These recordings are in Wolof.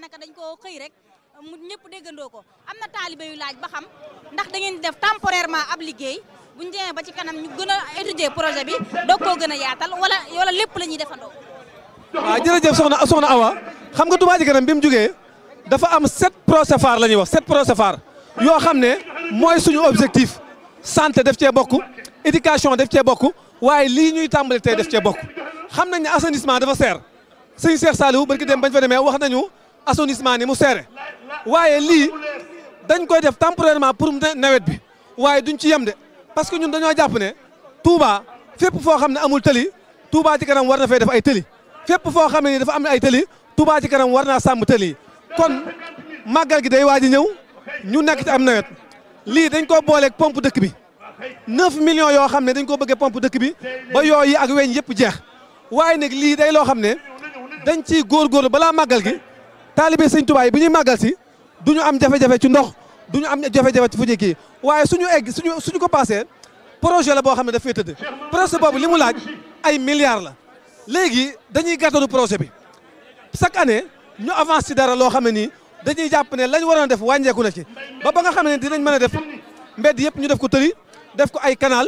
daanaka dañ koo xëy rek mu ñëpp déggandoo ko am na taalibe yu laaj ba xam ndax da ngeen def temporairement ab liggéey bu ñu demee ba ci kanam ñu gën a étudier projet bi doog koo gën a yaatal wala lépp la ñuy defandoo. waaw ah, jërëjëf soxna soxna Awa xam nga Touba Ca Kanam bi mu jugee dafa am sept projets phares la ñuy wax sept projets phares yoo xam ne mooy suñu objectif santé def cee bokk éducation def cee bokk waaye lii ñuy tàmbali tey def cee bokk xam nañ ne assainissement dafa seer sëñ Cheikh Saliou barki dem bañ fa demee wax nañu. assainissement ni mu seere waaye lii dañ koy def temporairement pour nawet bi waaye duñ ci yem de parce que ñun dañoo jàpp ne Touba fépp foo xam ne amul tëli Touba ci kanam war na fay def ay tëli fépp foo xam ne dafa am ay tëli Touba ci kanam war naa sàmm tëli kon màggal gi day waaj a ñëw ñun nekk am nawet lii dañ koo booleeg pompe dëkk bi 9 millions yoo xam ne dañ koo bëggee pomp dëkk bi ba yoo yi ak weñ yëpp jeex waaye nag lii day loo xam ne dañ ciy góorgóorlu balaa màggal gi. taalibe sëñ Tuubaa yi bu ñuy màggal si du ñu am jafe-jafe ci ndox du ñu am jafe-jafe ci fu ñuy kii waaye suñu egg suñu suñu ko passé projet la boo xam ne daf fay tëdd projet boobu li mu laaj ay milliards la léegi dañuy gàttalu projet bi chaque année ñu avance ci dara loo xam ne nii dañuy jàpp ne lañ waroon a def wàññeeku na ci ba ba nga xam ne dinañ mën a def mbedd yëpp ñu def ko tëri def ko ay canal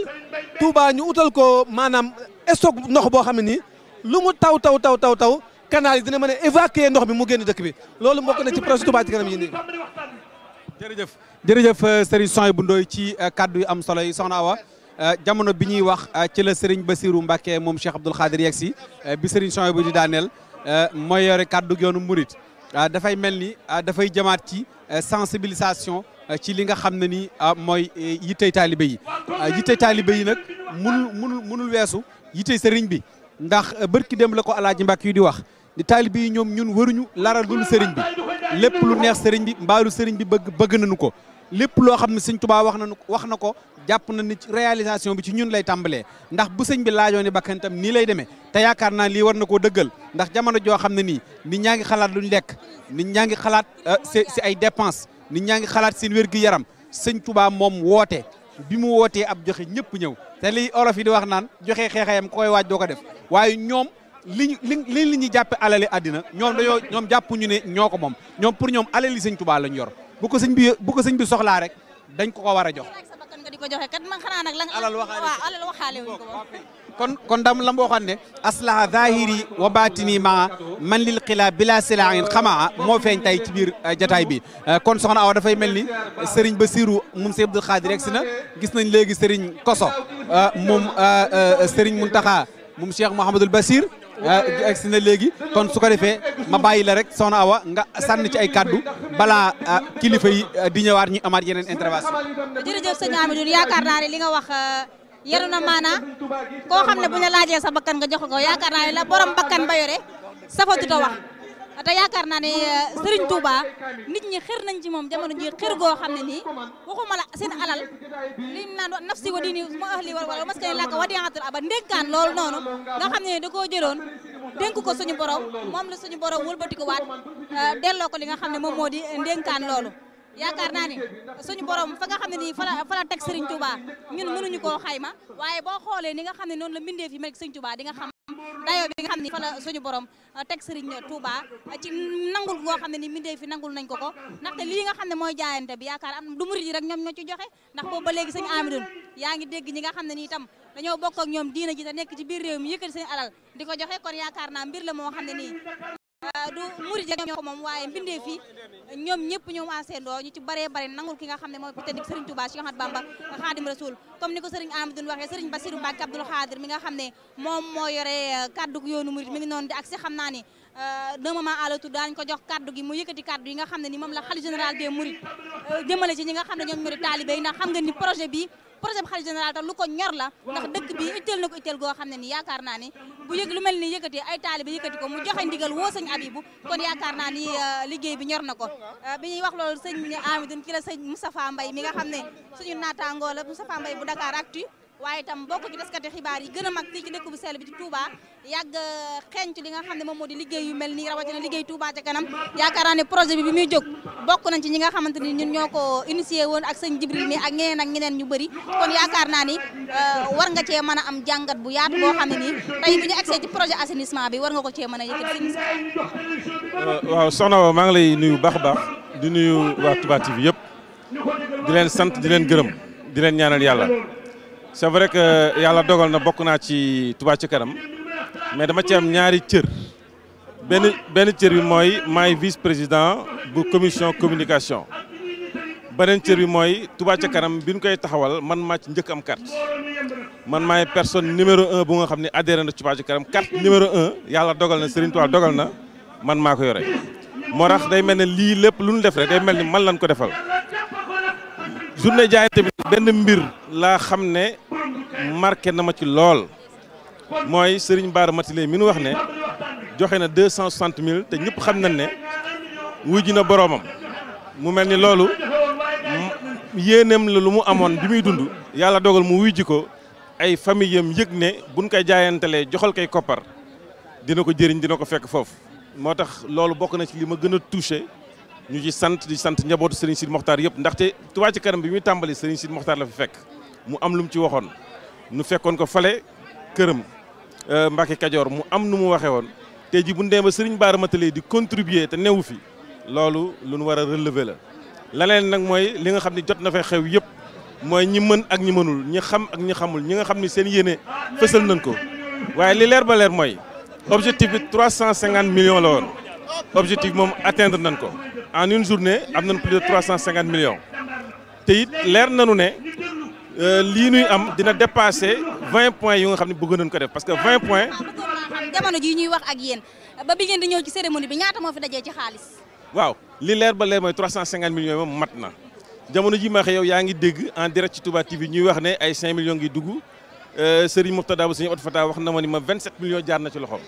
Touba ñu utal ko maanaam stock ndox boo xam ne nii lu taw taw taw taw taw canal yi dina mën a évacuer ndox mi mu génn dëkk bi loolu mbokk na ci projet Touba kanam yi nii jërëjëf jërëjëf euh, sëriñ Soy bu Ndoy ci euh, kaddu yu am solo yi soxna Awa euh, jamono bi ñuy wax ci la ba siiru Mbàkke moom Cheikh Abdoul Khadir yeeg si bi sëriñ Soy bu di daaneel mooy yore kaddu yoonu murit dafay mel ni dafay jëmaat ci sensibilisation ci li nga xam ne ni mooy yittey taalibe yi yittey taalibe yi nag munul munul weesu yittey sëriñ bi ndax bërki dem la ko alaaji mbakk yu di wax di taalib yi ñoom ñun waruñu laral dul sëriñ bi lépp lu neex sëriñ bi mbaalu sëriñ bi bëgg bëgg nañu ko lépp loo xam ne sëñ Tuubaa wax nañu wax na ko jàpp na ni réalisation bi ci ñun lay tàmbalee ndax bu sëñ bi laajoone ni bakkan itam nii lay demee te yaakaar naa lii war na koo dëggal ndax jamono joo xam ne nii ni ñaa ngi xalaat luñ lekk ni ñaa ngi xalaat euh, si ay dépense ni ñaa ngi xalaat seen wér gu yaram sëñ Tuubaa moom woote bi mu wootee ab joxe ñëpp ñëw te lii olof yi di wax naan joxe xeexayam koy waaj doo ko def waaye ñoom li li li ñuy jàppe alali àddina ñoom dañoo ñoom jàpp ne ñoo ko moom ñoom pour ñoom alali sëñ Tuubaa lañ yor bu ko sëñ bi bu ko sëñ bi soxlaa rek dañ ko ko war a jox kon kon dam la mu waxoon ne aslaha zahiri wa batini maa man lil xila bila silahin xamaa moo feeñ tay ci biir eh, jataay bi eh, kon soxna Awa dafay mel ni Serigne Bassirou moom Sëriñ Abdul Xaadir rek si na gis nañ léegi Serigne Koso eh, moom Serigne Muntaxa moom Cheikh Mouhamadul Bassir Ah, egsi na léegi kon su ko defee ma bàyyi la rek soxna Awa nga sànni ci ay kaddu balaa ah, kilifa yi ah, di ñëwaat ñu amaat yeneen intervention jërëjëf sëñ Amidoune yaakaar naa ne li nga wax yaru na maanaa koo xam ne bu ñu laajee sa bakkan nga jox ko yaakaar naa ne la borom bakkan ba yore safatu ta wax te yaakaar naa ne euh, Serigne Touba nit ñi xër nañ ci moom jamono ji xër goo xam ne nii waxuma la seen alal li ñu naan nafsi wa diini ma ahli wala wala maskani a wa diatul aba ndénkaan loolu noonu nga xam ne da koo jëloon dénk ko suñu borom moom la suñu borom wëlbati ko waat euh, delloo ko li nga xam ne moom moo di ndénkaan loolu yaakaar naa ne suñu borom fa nga xam ne nii fa la fa la teg Serigne Touba ñun mënuñu koo xayma waaye boo xoolee nga xam ne noonu la mbindee fi mel di nga xam dayoo bi nga xam ni fa la suñu borom uh, teg Serigne Touba uh, ci nangul goo xam ne ni mindee fi nangul nañ ko ko ndaxte lii nga xam ne mooy jaayante bi yaakaar am du murid yi rek ñoom ñoo ci joxe ndax boobu ba léegi sëñ Amidoun yaa ngi dégg ñi nga xam ne ni itam dañoo bokk ak ñoom diina ji te nekk ci biir réew mi yëkkati seen alal di ko joxe kon yaakaar naa mbir la moo xam ne nii Euh, du murid rek ñoo ko moom waaye mbindee fi ñoom ñëpp ñoom ànseendoo ñu ci bare bare nangul ki nga xam ne mooy peut être ni ko Serigne Amadou waxee Serigne Bassirou Mbacké Abdoul nga xam ne moom moo yore euh, kaddu yoonu murid mi ngi noonu di ak si xam naa ne euh, d'un moment à l'autre daañ ko jox kaddu gi mu yëkkati kaddu yi nga xam ne ni moom la khalife général des mourides jëmale ci ñi nga xam ne ñoom ñoo di ndax xam nga ni projet bi projet bi xalif général tax lu ko ñor la ndax dëkk bi itteel na ko itteel goo xam ne ni yaakaar na ni bu yëg lu mel ni yëkkati ay taalibe yëkkati ko mu joxe ndigal woo sëñ Abibu kon yaakaar naa ni euh, liggéey bi ñor na ko euh, bi ñuy wax loolu sëñ Amidou ki la sëñ Moustapha Mbaye mi nga xam ne suñu naataangoo la Moustapha Mbaye bu Dakar Actu waaye tam bokk ci taskati xibaar yi gën a mag fii ci dëkk bu sell bi ci Touba yàgg xeeñtu li nga xam ne moom moo di liggéey yu mel nii rawatina liggéey Touba ca kanam yaakaar naa ne projet bi bi muy jóg bokk nañ ci ñi nga xamante ni ñun ñoo ko initié woon ak sëñ Jibril mi ak ñeneen ak ñeneen ñu bëri kon yaakaar naa ni euh, war nga cee mën a am jàngat bu yaatu boo xam ne nii tey bu ñu agsee ci projet assainissement bi war nga ko cee mën a yëkkati euh, waaw soxna maa ngi lay nuyu baax a baax di nuyu waa Touba TV yëpp sant di leen gërëm di leen ñaanal yàlla c'est vrai que yàlla dogal na bokk naa ci Touba ci kanam mais dama ci am ñaari cër benn benn cër bi mooy maay vice président bu commission communication beneen cër bi mooy tubaat ci kanam bi ñu koy taxawal man maa ci njëkk am carte man maay personne numéro un bu nga xam ne adhéré na Touba ca kanam carte numéro un yàlla dogal na Serigne Touba dogal na man maa ko yore moo tax day mel ne lii lépp lu ñu def rek day mel ni man lañ ko defal journée jaay tamit benn mbir laa xam ne marqué na ma ci lool mooy Serigne Bara Matilé mi nu wax ne joxe na deux cent soixante mille te ñëpp xam nañ ne wujji na boroomam mu mel ni loolu yéeneem la lu mu amoon bi muy dund yàlla dogal mu wujji ko ay famille yam yëg ne buñ koy jaayantalee joxal koy koppar dina ko jëriñ dina ko fekk foofu moo tax loolu bokk na ci li ma gën a touché ñu ci sant di sant njabootu Serigne Sidi Mokhtar yëpp ndaxte Touba ci kanam bi muy tàmbali Serigne Sidi Mokhtar la fi fekk mu am lu mu ci waxoon nu fekkoon ko fale këram euh, Mbacke Kajoor mu am nu mu waxee woon tey ji bu ñu demee ba Serigne Bara Matalé di contribuer te newu fi loolu lu nu war a relever la. leneen nag mooy li nga xam ne jot na fay xew yëpp mooy ñi mën ak ñi mënul ñi xam ak ñi xamul ñi nga xam ni seen yéene fësal nañ ko waaye li leer ba leer mooy objectif bi 350 millions la woon. objectif moom atteindre nañ ko en une journée am nañ plus cent 350 millions te it leer nañu ne euh, lii nuy am dina dépasser 20 points yu nga xam ne bëgg nañ ko def parce que 20 points. Ah, jamono jii ñuy wax ak yéen ba bi ngeen di ñëw ci cérémonie bi ñaata moo fi dajee ci xaalis. waaw li leer ba leer mooy 350 millions moom mat na jamono ji ma waxee yow yaa ngi dégg en direct ci Touba TV ñuy wax ne ay 5 millions ngi dugg euh, Serigne Mourtada bu suñu wax na ma ni ma jaar na ci loxoom.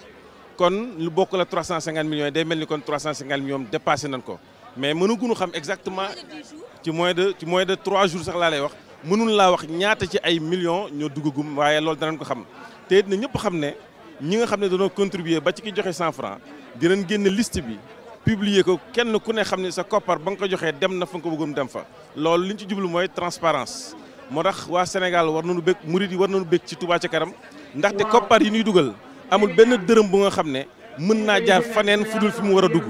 kon lu bokk la 350 millions yi day mel ni kon 350 millions dépassé nañ ko mais mënaguñu xam exactement ci moins de ci moins de 3 jours sax laa lay wax mënul laa wax ñaata ci ay millions ñoo duggagum waaye loolu danañ ko xam te na ñëpp xam ne ñi nga xam ne dañoo contribuer ba ci ki joxe 100 francs dinañ génn liste bi publier ko kenn ku ne xam ne sa koppar ba nga ko joxee dem na fa nga ko bëggoon dem fa. lool li ñu ci jublu mooy transparence moo tax waa Sénégal war nañu bëgg murid yi war nañu bëgg ci Touba ca kanam ndaxte koppar yi ñuy dugal. amul benn dërëm bu nga xam ne mën naa jaar faneen fu dul fi mu war a dugg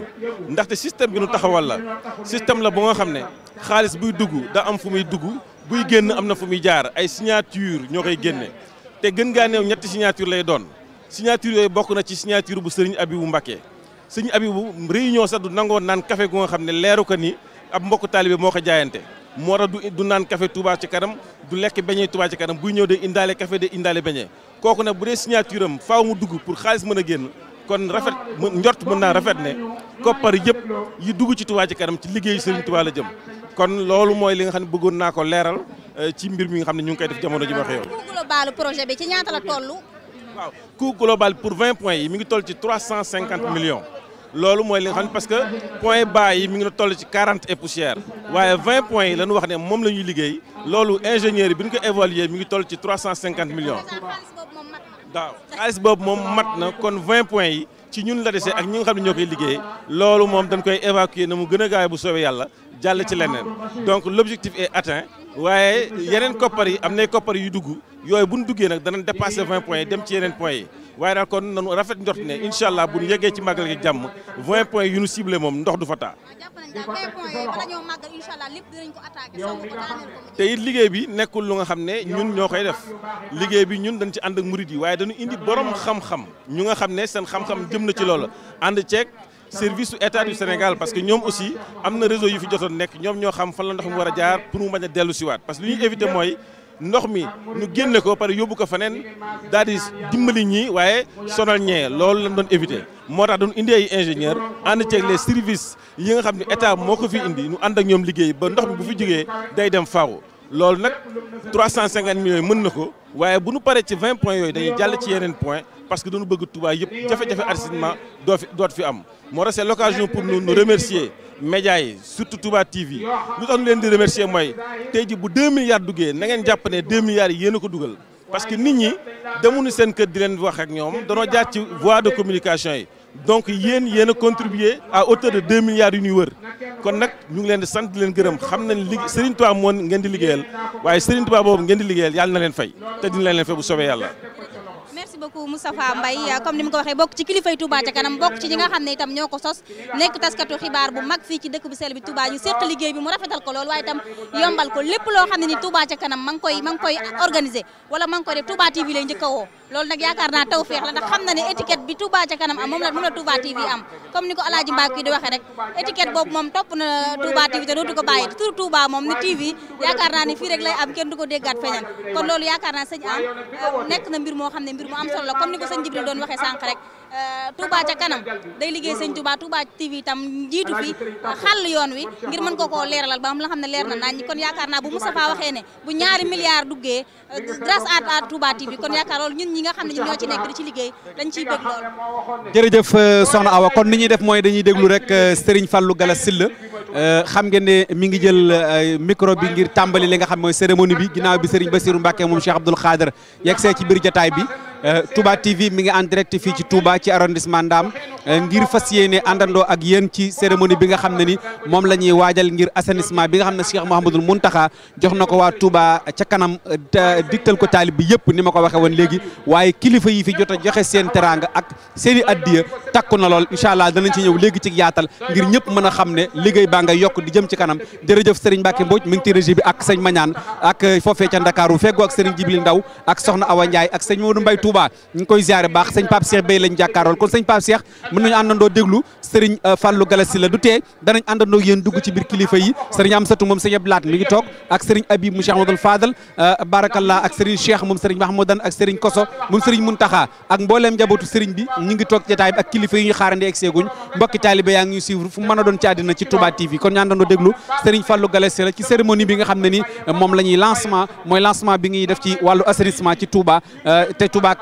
ndaxte système bi nu taxawal la système la bu nga xam ne xaalis buy dugg daa am fu muy dugg buy génn am na fu muy jaar ay signature ñoo koy génne te gën ngaa néew ñetti signature lay doon signature yooyu bokk na ci signature bu sëriñ Abibu Mbakke sëriñ Abibu réunion sax du nangoo naan kafe gu nga xam ne leeru ko ni ab mbokk taalibe moo ko jaayante moo tax du naan kafe Touba ci kanam du lekk beñe Touba Ca Kanam buy ñëw de indaale café de indaale beñe kooku nag bu dee signature am faaw mu dugg pour xaalis mën a génn kon rafet njort mën naa rafet ne koppar yëpp yi dugg ci Touba Ca Kanam ci liggéey Serigne Touba la jëm kon loolu mooy li nga xam ne bëggoon naa ko leeral euh, ci mbir mi nga xam ne ñu ngi koy def jamono ji ma xew. coût global projet bi ci ñaata la toll. waaw coût pour 20 points yi mi ngi toll ci 350 millions. loolu mooy li nga xam ne parce que point bas yi mi ngi na toll ci quarante et poussière waaye vingt points yi la ñu wax ne moom la ñuy liggéey loolu ingénieur yi bi ñu ko évaluer mi ngi toll ci trois cent cinquante millions waaw xaalis boobu moom mat na kon vingt points yi ci ñun la dese ak ñu nga xam ne ñoo koy liggéey loolu moom dañ koy évacuer na mu gën a gaaw bu soobee yàlla jàll ci leneen donc l'objectif et atteint waaye yeneen koppar yi am nay koppar yu dugg yooyu bu ñu duggee nag danañ dépasser vingt points yi dem ci yeneen points yi waaye daal ko nanu rafet njort ne incha allah bu ñu yeggee ci màggal gi jàmm vingt points yu ñu ciblé moom ndox du fa taa. te it liggéey bi nekkul lu nga xam ne ñun ñoo koy def liggéey bi ñun dañ ci ànd ak murid yi waaye dañu indi borom xam-xam ñu nga xam ne seen xam-xam jëm na ci lool ànd ceeg. service su état du Sénégal parce que ñoom aussi am na réseau yu fi jotoon nekk ñoom ñoo xam fan la ndox mi war a jaar pour mu bañ a dellu siwaat parce que li ñuy éviter mooy ndox mi ñu génne ko pare yóbbu ko feneen daal di dimbali ñii waaye sonal ñee loolu lañ doon éviter moo tax doon indi ay ingénieur ànd ceeg les yi nga xam ne état moo ko fi indi ñu ànd ak ñoom liggéey ba ndox mi bu fi jógee day dem faaw loolu nag 350 millions mën na ko waaye bu ñu paree ci 20 yooyu dañuy jàll ci yeneen point parce que dañu bëgg Touba yëpp jafe-jafe assainissement doo fi doot fi am moo tax c'est l'occasion pour nous nous remercier médias yi surtout Touba TV lu tax ñu leen di remercier mooy tey ji bu 2 milliards duggee na ngeen jàpp ne 2 milliards ko dugal parce que nit ñi demuñu seen kër di leen wax ak ñoom danoo jaar ci voie de communication yi donc yéen yéen a contribué à hauteur de 2 yu ñuy wër kon nag ñu ngi leen di sant di leen gërëm xam nañ li Serigne Touba moom ngeen di liggéeyal waaye Serigne Touba boobu ngeen di liggéeyal yàlla na leen fay te dina leen fay bu soobee yàlla. merci beaucoup Moustapha Mbaye euh, comme ni mu ko waxee bokk ci kilifay Touba ca kanam bokk ci ñi nga xam ne itam ñoo ko sos nekk taskatu xibaar bu mag fii ci dëkk bu sell bi ñu séq liggéey bi mu rafetal ko waaye itam yombal ko lépp loo xam ne ni Touba ca kanam ma ngi koy ma ngi koy organiser wala ma ngi koy def Touba TV lay njëkk loolu nag yaakaar naa tawféex la ndax xam na ne étiquette bi Touba ca kanam am moom la moom la Touba TV am comme ni ko El Hadj Mbacke di waxee rek étiquette boobu moom topp na Touba TV te dootu ko bàyyi tur Touba moom ni TV yaakaar naa ne fii rek lay am kenn du ko déggaat feneen kon loolu yaakaar naa sëñ am nekk na mbir moo xam ne mbir mu am solo la comme ni ko sëñ Jibril doon waxee sànq rek Euh, Touba ca kanam day liggéey sëñ Touba Touba TV itam njiitu fi xàll yoon wi ngir mën ko koo leeralal ba am la xam ne leer na nañ kon yaakaar naa bu Moustapha waxee ne bu ñaari milliards duggee euh, grâce à Touba TV kon yaakaar loolu ñun ñi nga xam ne ñun ci nekk di ci liggéey dañ ci bëgg lool. jërëjëf euh, soxna Awa kon ni ñuy def mooy dañuy déglu rek sëriñ fallu Gala Sylla xam ngeen mi ngi jël micro bi ngir tàmbali li nga xam mooy cérémonie bi ginnaaw bi Serigne Bassirou Mbacké moom Cheikh Abdoul Khader yegsee ci biir jataay bi Euh, Touba TV mi ngi en direct fii ci Touba ci arrondissement Ndam euh, ngir fas yéene àndandoo ak yéen ci cérémonie bi nga xam ne ni moom la ñuy waajal ngir assenissement bi nga xam ne Cheikh Mouhamadul Mountakha jox na ko waa Touba ca kanam euh, digtal ko taalib bi yëpp ni ma ko waxee woon léegi waaye kilifa yi fi jot a joxe seen teraanga ak seen i addiya takku na lool incha allah danañ ci ñëw léegi ci yaatal ngir ñëpp mën a xam ne liggéey baa nga yokk di jëm ci kanam jërëjëf Serigne Mbacke Mbodj mi ci régie bi ak sëñ Mañaan ak foofee ca Ndakaaru feggoo ak Serigne Jibril Ndaw ak Soxna Awa Ndiaye ak sëñ Modou Mbaye Touba ñu koy ziare baax sëñ Pape Cheikh Bey lañ jàkkaarool kon sëñ Pape Cheikh mën nañu àndandoo déglu sëriñ euh, Fallou Galassi la du tee danañ euh, ñu ngi toog jotaay bi ak a ci àddina bi nga xam ne ni moom la lancement mooy lancement bi ngi def ci wàllu assainissement ci Touba euh,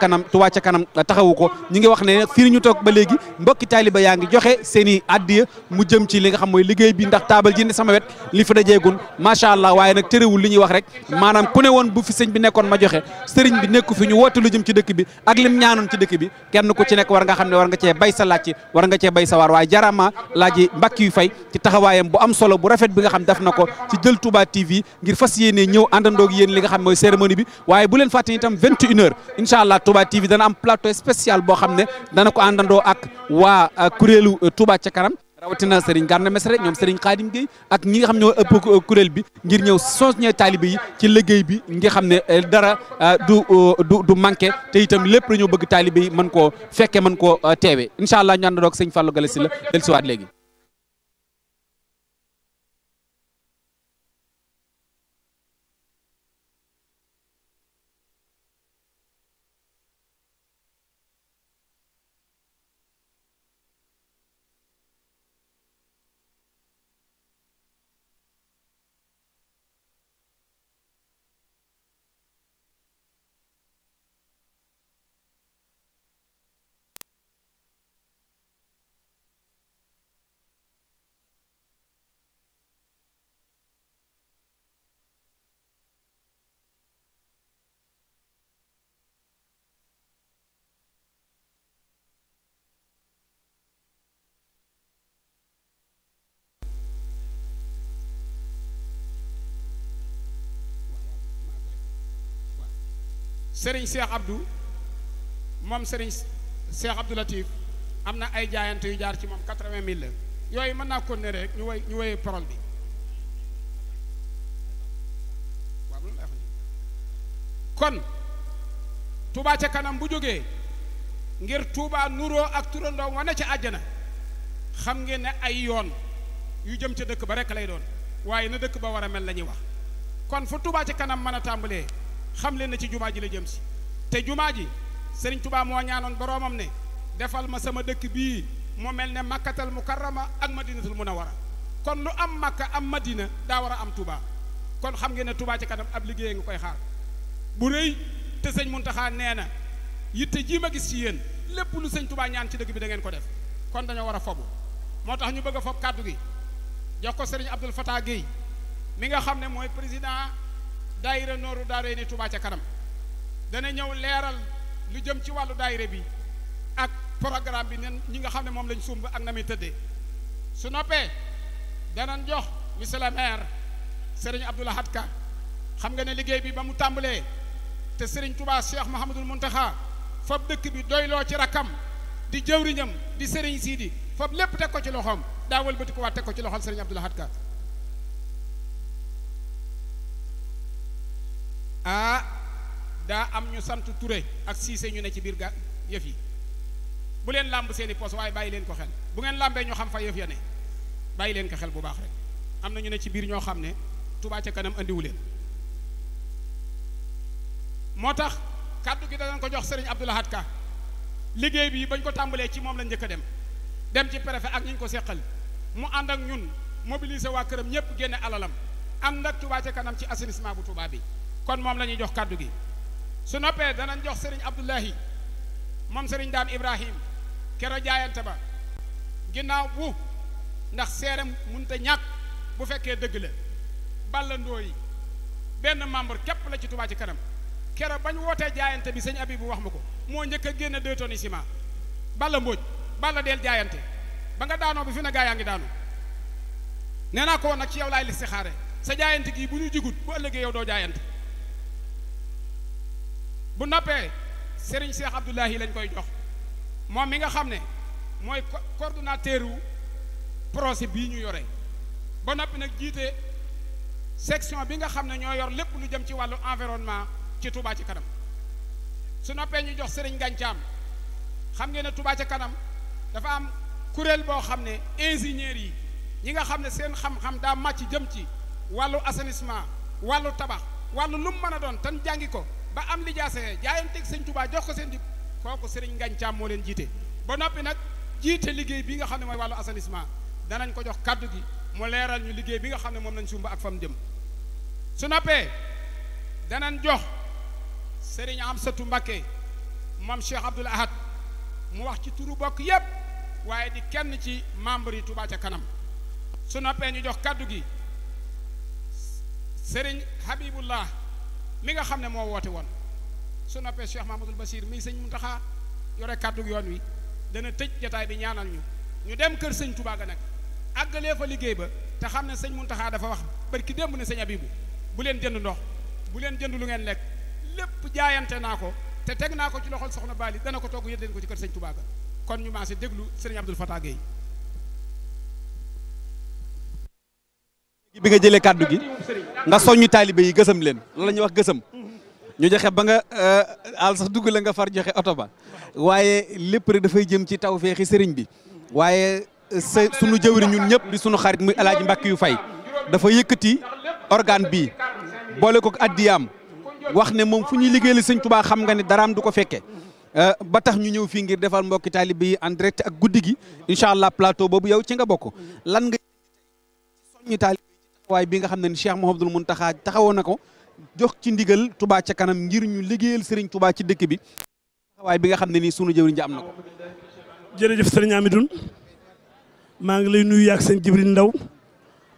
kanam Touba ca kanam taxawu ko ñu ngi wax ne fii ñu toog ba léegi mbokki taaliba yaa ngi joxe seen i addiya mu jëm ci li nga xam mooy liggéey bi ndax taabal ji ne sama wet li fi dajeegun macha allah waaye nag tërëwul li ñuy wax rek maanaam ku ne woon bu fi señ bi nekkoon ma joxe sëriñ bi nekku fi ñu woote lu jëm ci dëkk bi ak lim ñaanoon ci dëkk bi kenn ku ci nekk war nga xam ne war nga cee bay sa laaj war nga cee bay sa waar waaye jarama laaji mbakki yu fay ci taxawaayam bu am solo bu rafet bi nga xam def na ko ci jël Touba TV ngir fas yéene ñëw àndandoog yéen li nga xam mooy cérémonie bi waaye bu leen fàtte itam 21 heures incha Touba TV dana am plateau spécial boo xam ne dana ko àndandoo ak waa euh, kuréelu euh, Touba ca kanam rawatina Serigne Gana Messere ñoom Serigne Khadim Gueye ak ñi nga xam ñoo ëpp euh, kuréel bi ngir ñëw soññee taalibe yi ci liggéey bi nga xam ne dara du du du manqué te itam lépp la ñu bëgg taalibe yi mën koo fekke mën koo teewee incha allah ñu àndandoo ak sëñ Fallou Galass la dellusiwaat léegi. sëriñ Cheikh Abdou moom sëriñ Cheikh Abdou Latif am na ay jaayante yu jaar ci moom quatre-vingt mille la yooyu mën naa continuer rek ñu woy ñu woyee parole bi waaw kon Touba ca kanam bu jógee ngir Touba nuroo ak turandoom wane ca àjjana xam ngeen ne ay yoon yu jëm ca dëkk ba rekk lay doon waaye na dëkk ba wara a mel lañuy wax kon fu Touba ci kanam mën a tàmbalee xam leen ne ci jumaa ji la jëm si te jumaa ji seriñ tubaa moo ñaanoon boroomam ne defal ma sama dëkk bii mu mel ne makkatal mukarrama ak madinatul munawara kon lu am makka am madina daa war a am Touba kon xam ngeen ne tubaa ci kanam ab liggéey nga koy xaar bu rëy te sëñ Muntaxa nee na yitte jii ma gis ci yéen lépp lu sëñ Touba ñaan ci dëkk bi da ngeen ko def kon dañoo war fobu moo tax ñu bëgg a fob kàddu gi jox ko Serigne Abdoul Fattah Guèye mi nga xam ne mooy président. daayira nooru daaree ni Touba ca kanam dana ñëw leeral lu jëm ci wàllu daayira bi ak programme bi nen ñi nga xam ne moom lañ sumb ak na muy tëddee su noppee danañ jox monsieur le maire Serigne Abdou Lahad Ka xam nga ne liggéey bi ba mu tàmbalee te Serigne Touba Cheikh Mouhamadul Mountakha fab dëkk bi doyloo ci rakkam di jëwriñam di Serigne Sidi fab lépp teg ko ci loxoom daa wëlbati ko waat teg ko ci loxoom Serigne Abdou Lahad Ka ah daa am ñu sant ture ak Cissé ñu ne ci biir ga yëf yi bu leen làmb seeni poos waaye bàyyi leen ko xel bu ngeen làmbee ñoo xam fa yëf ya ne bàyyi leen ko xel bu baax rek am na ñu ne ci biir ñoo xam ne Touba ca kanam indiwu leen moo tax kàddu gi danañ ko jox seriñ Abdou Lahad Ka liggéey bi bañ ko tàmbalee ci moom lañ njëkk a dem dem ci préfet ak ñu ko seqal mu ànd ak ñun mobiliser waa këram ñëpp génne alalam ànd ak Touba ca kanam ci assainissement bu Touba bi kon moom la ñuy jox kàddu gi su noppee danañ jox sëriñ Abdullahi moom sëriñ daan Ibrahim kero jaayante ba ginnaaw bu ndax seerem mënut a ñàkk bu fekkee dëgg la balla yi benn membre képp la ci Touba ci kanam kero bañ wootee jaayante bi sëñ Abibu wax ma ko moo njëkk a génne deux tonnes ciment balla mbóoj balla deel jaayante ba nga daanoo bi fi na gaa yaa ngi daanoo nee naa ko nag ci yow laay listixaare sa jaayante gi bu ñu jigut bu ëllëgee yow doo jaayante bu noppee Serigne Cheikh Abdoulahi lañ koy jox moom mi nga xam ne mooy coordonnateur wu projet bii ñu yore ba noppi nag jiite section bi nga xam ne ñoo yor lépp lu jëm ci wàllu environnement ci Touba ci kanam su noppee ñu jox Serigne Gàncaam xam ngeen ne Touba ca kanam dafa am kuréel boo xam ne ingénieurs yi ñi nga xam ne seen xam-xam daa màcc jëm ci wàllu assainissement wàllu tabax wàllu lu mu mën a doon tan jàngi ko ba am li jaase teg sëñ tubaa jox ko seen di kooku seriñ Ngagne Thiam moo leen jiite ba noppi nag jiite liggéey bi nga xam ne mooy wàllu assainissement danañ ko jox kàddu gi mu leeral ñu liggéey bi nga xam ne moom lañ sumba ak fam jëm su noppee danañ jox sëriñ Amsatou Mbacké moom Cheikh Abdoul Ahad mu wax ci turu bokk yépp waaye di kenn ci membre yi Touba ca kanam su noppee ñu jox kàddu gi sëriñ Habibullah mi nga xam ne moo woote woon su noppee Cheikh Mahmadul Basir mi sëñ Muntaxa yore kàddu yoon wi dana tëj jataay bi ñaanal ñu ñu dem kër sëñ Touba ga nag àggalee fa liggéey ba te xam ne sëñ taxaa dafa wax barki démb ne sëñ Abibu bu leen jënd ndox bu leen jënd lu ngeen lekk lépp jaayante naa ko te teg naa ko ci loxol soxna Bali dana ko togg yët ko ci kër sëñ Touba ga kon ñu maase déglu sëriñ Abdul Fatah Gueye bi nga jëlee kàddu gi nga soññu taalibe yi gësam leen loolu la ñuy wax gësam ñu joxe ba nga euh, àll dugg la nga far joxe oto ba waaye lépp dafay jëm ci tawféexi sëriñ bi waaye euh, sa sunu jëwri ñun ñëpp di sunu xarit muy alaaji mbàkk yu fay dafa yëkkati organe bi boole ko addiyaam wax ne moom fu ñuy liggéeyal sëñ tubaa xam nga ne daraam du ko fekke euh, ba tax ñu ñëw fii ngir defal mbokki taalibe yi en direct ak guddi gi incha allah plateau boobu yow ci nga bokk lan nga soññu taalibe waaye bi nga xam ne ni moo Cheikh Mouhamadoul Mountakha taxawoon na ko jox ci ndigal tubaa ca kanam ngir ñu liggéeyal Serigne tubaa ci dëkk bi waaye bi nga xam ne nii sunu jëwriñ ji am na ko. jërëjëf Serigne Amidoune maa ngi lay nuyu yaak seen Jibril Ndaw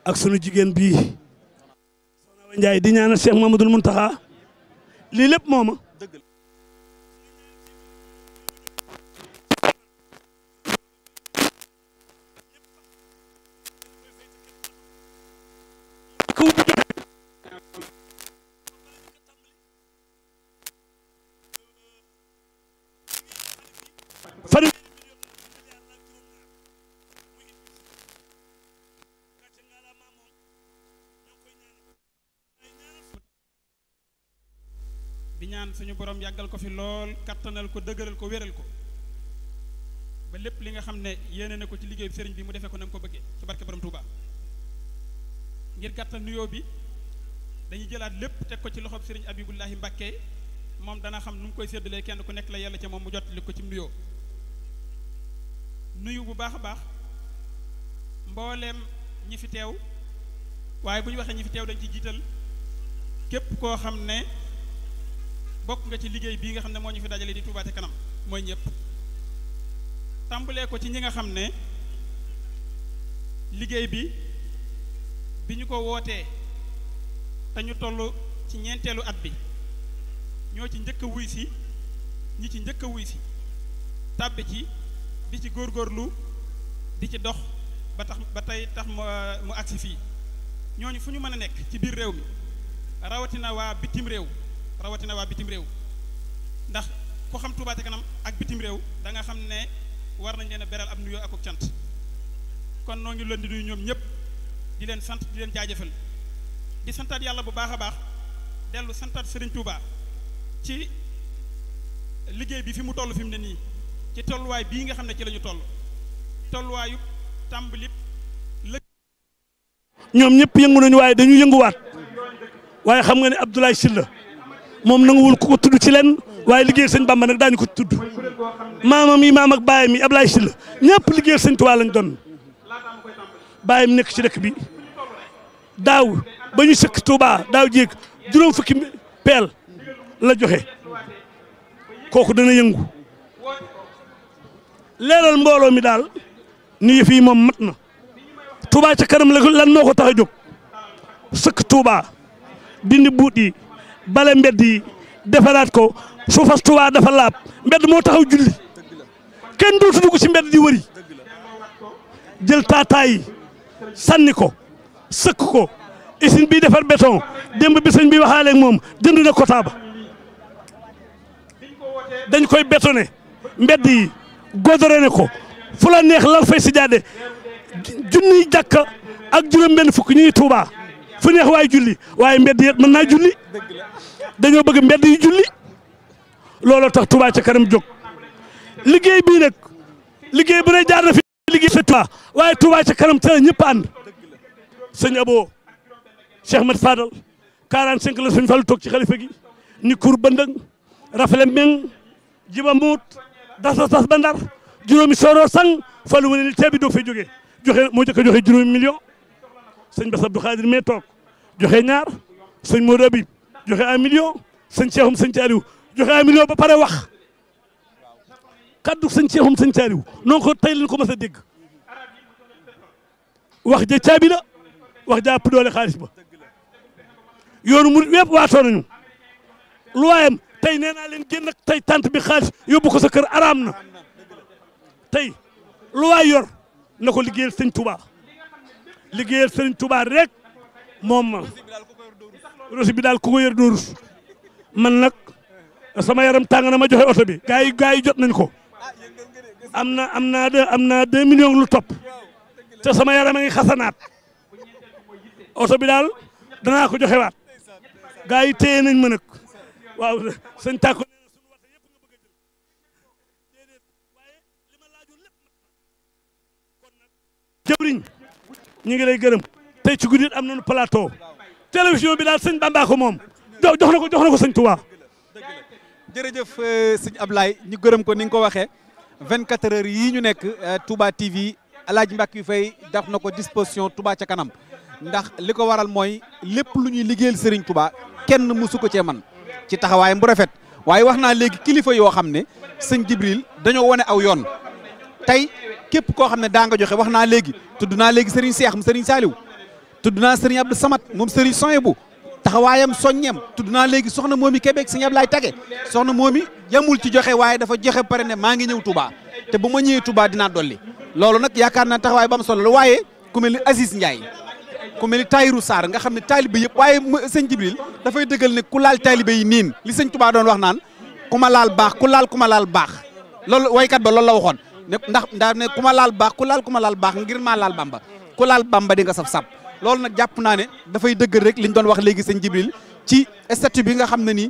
ak sunu jigéen bii. Soxna Ndiaye di ñaanal Cheikh Mouhamadoul Mountakha lii lépp mooma suñu boroom yàggal ko fi lool kattanal ko dëgëral ko wéral ko ba lépp li nga xam ne yéene na ko ci liggéey sëriñ bi mu defee ko na ko bëggee ci barke borom Touba ngir gàttal nuyoo bi dañuy jëlaat lépp teg ko ci loxob sëriñ Abibullahi Mbàkke moom dana xam nu mu koy séddalee kenn ku nekk la yàlla ci moom mu jottali ko ci nuyoo nuyu bu baax a baax mbooleem ñi fi teew waaye bu ñu waxee ñi fi teew dañ ci jiital képp koo xam ne bokk nga ci liggéey bi nga xam ne moo ñu fi dajale di Touba ca kanam mooy ñëpp tàmbalee ko ci ñi nga xam ne liggéey bi bi ñu ko wootee te ñu toll ci ñeenteelu at bi ñoo ci njëkk wuy si ñi ci njëkk a wuy si tàbbi ci di ci góor góorlu di ci dox ba tax ba tey tax mu agsi fii ñooñu fu ñu mën a nekk ci biir réew mi rawatina waa bitim réew rawatina waa bitim réew ndax ku xam Touba Ca Kanam ak bitim réew danga xam ne war nañ leen a beral ab nuyoo ak ak kon noo ngi leen di nuyu ñoom ñëpp di leen sant di leen jaajëfal di santaat yàlla bu baax a baax dellu santaat sëriñ Touba ci liggéey bi fi mu toll fi mu ne nii ci tolluwaay bii nga xam ne ci la ñu toll tolluwaayu tàmbali. ñoom ñëpp yëngu nañu waaye dañu yënguwaat waaye xam nga ne Abdoulaye la moom nanguwul ku ko tudd ci leen waaye liggéeyal sañ Bamba nag daañu ko tudd maamam yi maam ak baayam yi sil Sylla ñëpp liggéeyal sëñ Tuubaa lañ doon baayam nekk ci dëkk bi daaw bañu sëkk Tuubaa daaw jéeg juróom fukki peel la joxe kooku dana yëngu leeral mbooloo mi daal ni yëf moom mat na Tuubaa ca kanam la lan moo tax a jóg sëkk Tuubaa dindi buut yi bale mbedd yi defaraat ko suufas Tuubaa dafa laab mbedd moo taxaw julli kenn dootu dugg si mbedd di wëri jël taataay yi sànni ko sëkk ko usine bii defar béton démb bi sëñ bi waxaale ak moom jënd na quota ba dañ koy bétonné mbedd yi godoré ne ko fu la neex lal fay si jaade junniy jàkka ak juróom-benn fukk ñuy Tuubaa fu neex waay julli waaye mbedd yet mën naa julli dañoo bëgg mbedd yi julli looloo tax Touba ca kanam jog liggéey bii nag liggéey bu ne jaar na fi liggéey sa Touba waaye Touba ca kanam ca ñëpp ànd sëñ Abo Cheikh Mat Fadal 45 la sëñ Fallu toog ci xalifa gi ni kur bëndëng rafale meng jiba muut dasa tas ba ndar juróomi sooroo sang Fallu mu ne ni teebi doog fay joxe moo jëkk a joxe juróomi million sëñ Bass Abdou Khadir mee toog joxe ñaar sëñ Modou Habib joxe un million sëñ Cheikhoum sëñ Thialiou joxe a million ba pare wax kaddu sëñ Cheikhoum sëñ Thialiou non ko tey lañ ko mës a dégg wax ja caabi la wax jàpp doole xaalis ba yoonu mu wépp waatoo nañu lu waayam tey nee naa leen génn tey tante bi xaalis yóbbu ko sa kër araam na tey lu yor na ko liggéeyal sëñ Touba liggéeyal sëñ Touba rek. moom rosi bi daal ku ko yor dóorus man nag sama yaram tàng na ma joxe oto bi gars yi yi jot nañ ko am na am naa de am naa deux lu topp te sama yaram a ngi xasanaat oto bi daal danaa ko joxe waat gars yi téye nañ ma nag waaw sëñ tàkko jëwriñ ñu ngi lay gërëm tey ci guddi am nañu plateau télévision bi daal sëñ Bamba ko moom jox na ko jox na ko sëñ Touba. jërëjëf euh, sëñ Ablaye ñu gërëm ko ni nga ko waxee 24 heures yii ñu nekk euh, Touba TV El Hadj Mbacké Faye daf na ko disposition Touba ca kanam ndax li ko waral mooy lépp lu ñuy liggéeyal Serigne Touba kenn mësu ko cee man ci taxawaayam bu rafet waaye wax naa léegi kilifa yoo xam ne sëñ Jibril dañoo wone aw yoon tey képp koo xam ne daa nga joxe wax naa léegi tudd naa léegi Serigne Cheikh mu Serigne Saliou. tudd naa sëriñ Abdou Samad moom sëriñ soye bu taxawaayam soññeem tudd naa léegi soxna moomi Kébé sëriñ Ablaye Tage soxna moomi yamul ci joxe waaye dafa joxe pare ne maa ngi ñëw Touba te bu ma ñëwee Touba dinaa dolli loolu nag yaakaar naa taxawaay ba am solo la waaye ku mel ni Aziz Ndiaye ku mel saar nga xam ne taalibe yëpp waaye sëñ Jibril dafay dëgël ne ku laal taalibe yi niin li sëñ Touba doon wax naan ku ma laal baax ku laal ku ma laal baax loolu waykat ba loolu la waxoon ne ndax ndax ne ma laal baax laal ku ma laal baax ngir maa laal Bamba ku laal Bamba di nga saf sap loolu nag jàpp naa ne dafay dëggal rek li ñu doon wax léegi sëñ Jibril ci statut bi nga xam ne ni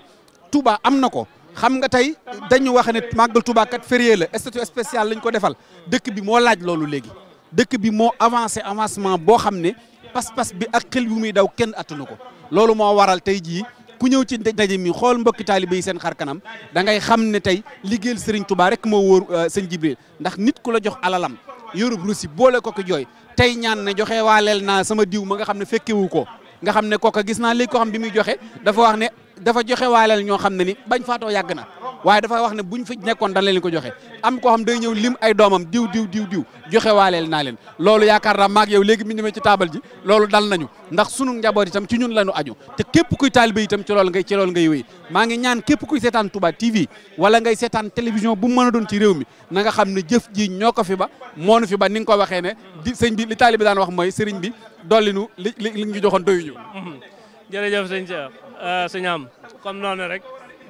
Touba am na ko xam nga tey dañu wax ne màggal Touba kat férié la statut spécial lañ ko defal dëkk bi moo laaj loolu léegi dëkk bi moo avancé avancement boo xam ne pas-pas bi ak xel yu muy daw kenn attanu ko loolu moo waral tey jii ku ñëw ci ndaje mi xool mbokki taalibe yi seen xar kanam da ngay xam ne tey liggéey Serigne Touba rek moo wóor euh, sëñ Jibril ndax nit ku la jox alalam yorub rusi boole ko jooy tey ñaan ne joxe waaleel naa sama diw ma nga xam ne fekkewu ko nga xam ne kooka gis naa léegi koo xam bi muy joxe dafa wax ne dafa joxe waaleel ñoo xam ne ni bañ faatoo yàgg na waaye dafa wax ne buñ fi nekkoon dañ leen ko joxe am koo xam day ñëw lim ay doomam diw diw diw diw joxe waaleel naa leen loolu yaakaar naa maag yow léegi mi ñëwee ci taabal ji loolu dal nañu ndax sunu njaboot itam ci ñun lañu aju te képp kuy taalibe itam ci loolu ngay ci loolu ngay wéy maa ngi ñaan képp kuy seetaan Touba TV wala ngay seetaan télévision bu mën a doon ci réew mi na nga xam ne jëf ji ñoo ko fi ba moonu fi ba ni nga ko waxee ne di sëñ bi li taalibe daan wax mooy sëriñ bi dollinu li li ñu joxoon doyuñu jërëjëf sëñ Cheikh Euh, sëñ am noonu rek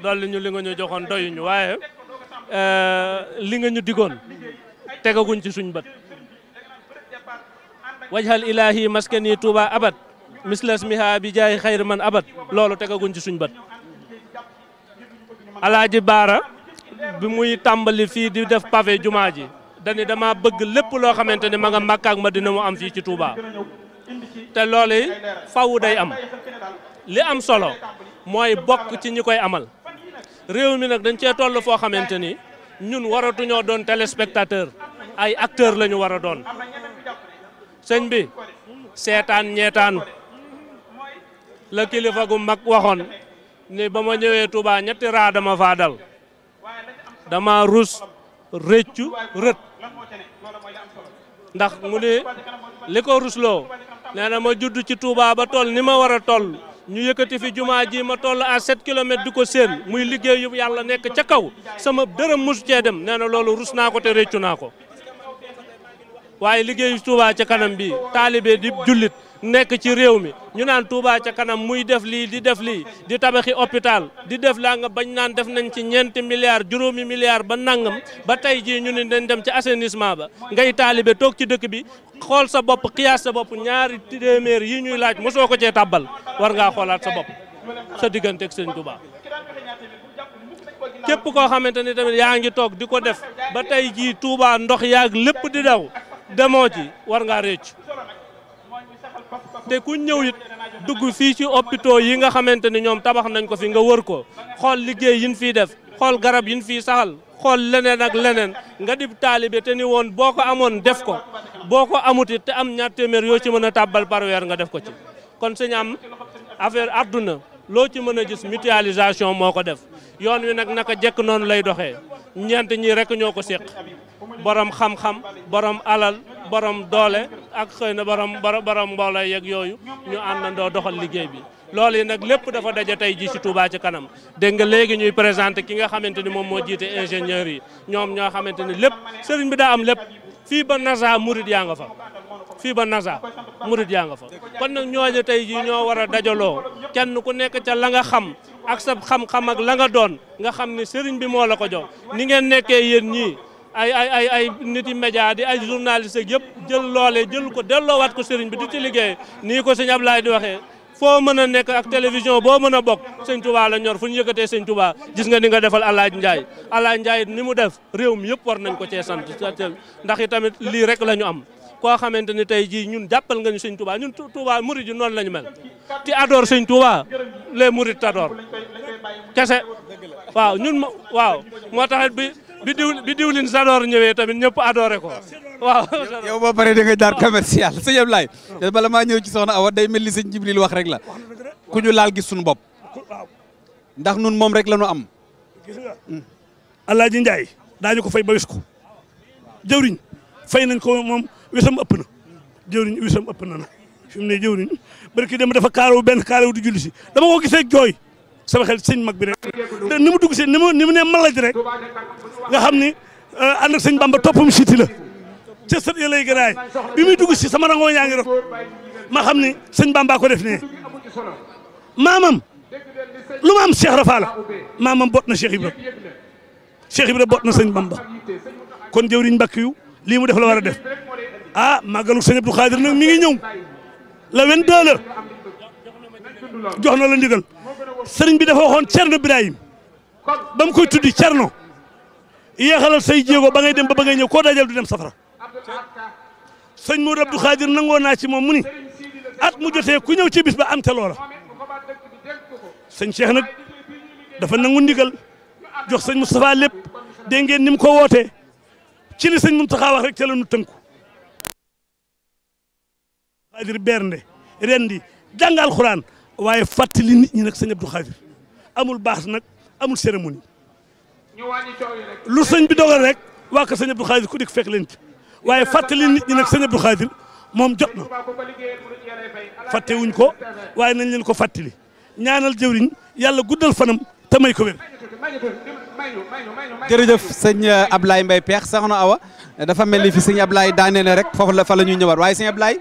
dolli ñu li nga ñu joxoon doyuñu waaye euh, li nga ñu digoon tegaguñ ci suñ bët wajhal ilahi maskani tuuba abad mi miha bi jaay xayr man abad loolu tegaguñ ci suñ bët alaaji baara bi muy tàmbali fii di def pavé jumaa ji dani dama bëgg lépp loo xamante ne ma nga Makka ak mu am fii ci Touba te loolu faw day am li am solo mooy bokk ci ñi koy amal réew mi nag dañ cee toll foo xamante ni ñun waratuñoo doon téléspectateur ay acteur la ñu war a doon sëñ bi seetaan ñeetaan la kilifa gu mag waxoon ni ba ma ñëwee tuuba ñetti raa dama faa dama rus rëccu rët ndax mu ni li ko rusloo nee na ma judd ci Touba ba ni ma war a ñu yëkkati fi jumaa jii ma toll à 7 kilomètres di ko séen muy liggéeyu yàlla nekk ca kaw sama dërëm mosu cee dem nee na loolu rus naa ko te réccu naa ko waaye liggéeyu Tuubaa ca kanam bi taalibe di jullit nekk ci réew mi ñu naan Touba ca kanam muy def lii di def lii di tabaxi hôpital di def laa nga bañ naan def nañ ci ñeenti milliards juróomi milliards ba nangam ba tey jii ñu ne dañ dem ci assainissement ba ngay taalibe toog ci dëkk bi xool sa bopp xiyaas sa bopp ñaari téeméer yi ñuy laaj mosoo ko cee tàbbal war ngaa xoolaat sa bopp sa diggante ak sëñ képp koo xamante ni tamit yaa ngi toog di ko def ba tey jii Touba ndox yaag lépp di daw demoo ci war ngaa réccu te ku ñëw dugg fii ci hôpitaux yi nga xamante ni ñoom tabax nañ ko fi nga wër ko xool liggéey yin fiy def xool garab yin fiy saxal xool leneen ak leneen nga dib taalibe te ni woon boo ko amoon def ko boo ko amutit te am ñaar téeméer yoo ci mën a tàbbal par weer nga def ko ci kon suñu am affaire àdduna loo ci mën a gis mutualisation moo ko def yoon wi nag naka jekk noonu lay doxee ñeent ñi rek ñoo ko séq borom xam-xam borom alal borom doole ak xëy na borom borom mbooloo yeeg yooyu ñu àndandoo doxal liggéey bi. loole yi nag lépp dafa daje tey jii ci Touba ci kanam dégg nga léegi ñuy présenté ki nga xamante ni moom moo jiite ingénieur yi ñoom ñoo xamante ni lépp sëriñ bi daa am lépp fii ba Nasa Murit yaa fa. fii ba Nasa Murit yaa nga fa kon nag ñooñu tey jii ñoo war a dajaloo kenn ku nekk ca la nga xam ak sa xam-xam ak la nga doon nga xam ni sëriñ bi moo la ko jox nekkee yéen ñii. ay ay ay ay nit yi média di ay journaliste ak yëpp jël loole jël ko delloowaat ko sëriñ bi di ci liggéey nii ko sëñ Ablaye di waxee foo mën a nekk ak télévision boo mën a bokk sëñ Touba la ñor fu ñu yëkkatee sëñ Touba gis nga ni nga defal El Hadj Ndiaye El ni mu def réew mi yëpp war nañ ko cee sant ndax i tamit lii rek la ñu am koo xamante ni tey jii ñun jàppal nga ñu sëñ Touba ñun Touba murid yi noonu la ñu mel ti adore sëñ Touba les murid t'adore kese waaw ñun waaw moo taxit bi bi diw bi diwlin Sador ñëwee tamit ñëpp adoré ko waaw. yow boo paree da nga jaar commercial sëñ Ablaye bala maa ñëw ci soxna Awa day mel ni sëñ Jibril wax rek la ku ñu laal gis suñu bopp ndax nun moom rek la ñu am. gis ji Alaaji Njaay daañu ko fay ba wis ko jëwriñ fay nañ ko moom wisam ëpp na jëwriñ wisam ëpp na na fi mu ne jëwriñ barki dem dafa kaaraw benn kaaraw di julli si dama ko gisee jooy sama xel sëñ mag bi rek ni mu dugg see ni mu ni mu ne malaj rek nga xam ni euh, ànd ak sëñ Bamba toppam siti la ca sët lay gënaay bi muy dugg si sama ngi rok ma xam ni sëñ Bamba ko def ne maamam lu ma am Cheikh maamam bot na Cheikh Ibra Cheikh Ibra bot na sëñ Bamba kon jëwriñ mbàkk lii mu def la war a def ah màggalu sëñ Abdou Khadir nag mi ngi ñëw la wen deux jox na la ndigal sëriñ bi dafa waxoon Cerno Birahim ba mu koy tuddi Cerno yéexalal say jéego ba ngay dem ba ba ngay ñëw koo dajal du dem safara sëñ Modou Abdou Khadir nangoo naa ci moom mu ni at mu jotee ku ñëw ci bis ba am te loola sëñ Cheikh nag dafa nangu ndigal jox sëñ Moustapha lépp dégg ngeen ni mu ko wootee ci li sëñ Mountakha wax rek te nu tënku Khadir bernde rendi jàng alxuraan waaye fàttali nit ñi nag sëñ Abdou Khadir amul baas nag amul cérémonie lu sëñ bi dogal rek waa ko sëñ Abdou Khadir ku dikk fekk leen ci waaye fàttali nit ñi nag sëñ Abdou Khadir moom jot na fàttewuñ ko waaye nañ leen ko fàttali ñaanal jëwriñ yàlla guddal fanam te may ko wér. jërëjëf sëñ Ablaye Mbaye Peex soxna Awa dafa mel ni fi sëñ Ablaye daanee ne rek foofu la fa la ñuy ñëwaat waaye sëñ Ablaye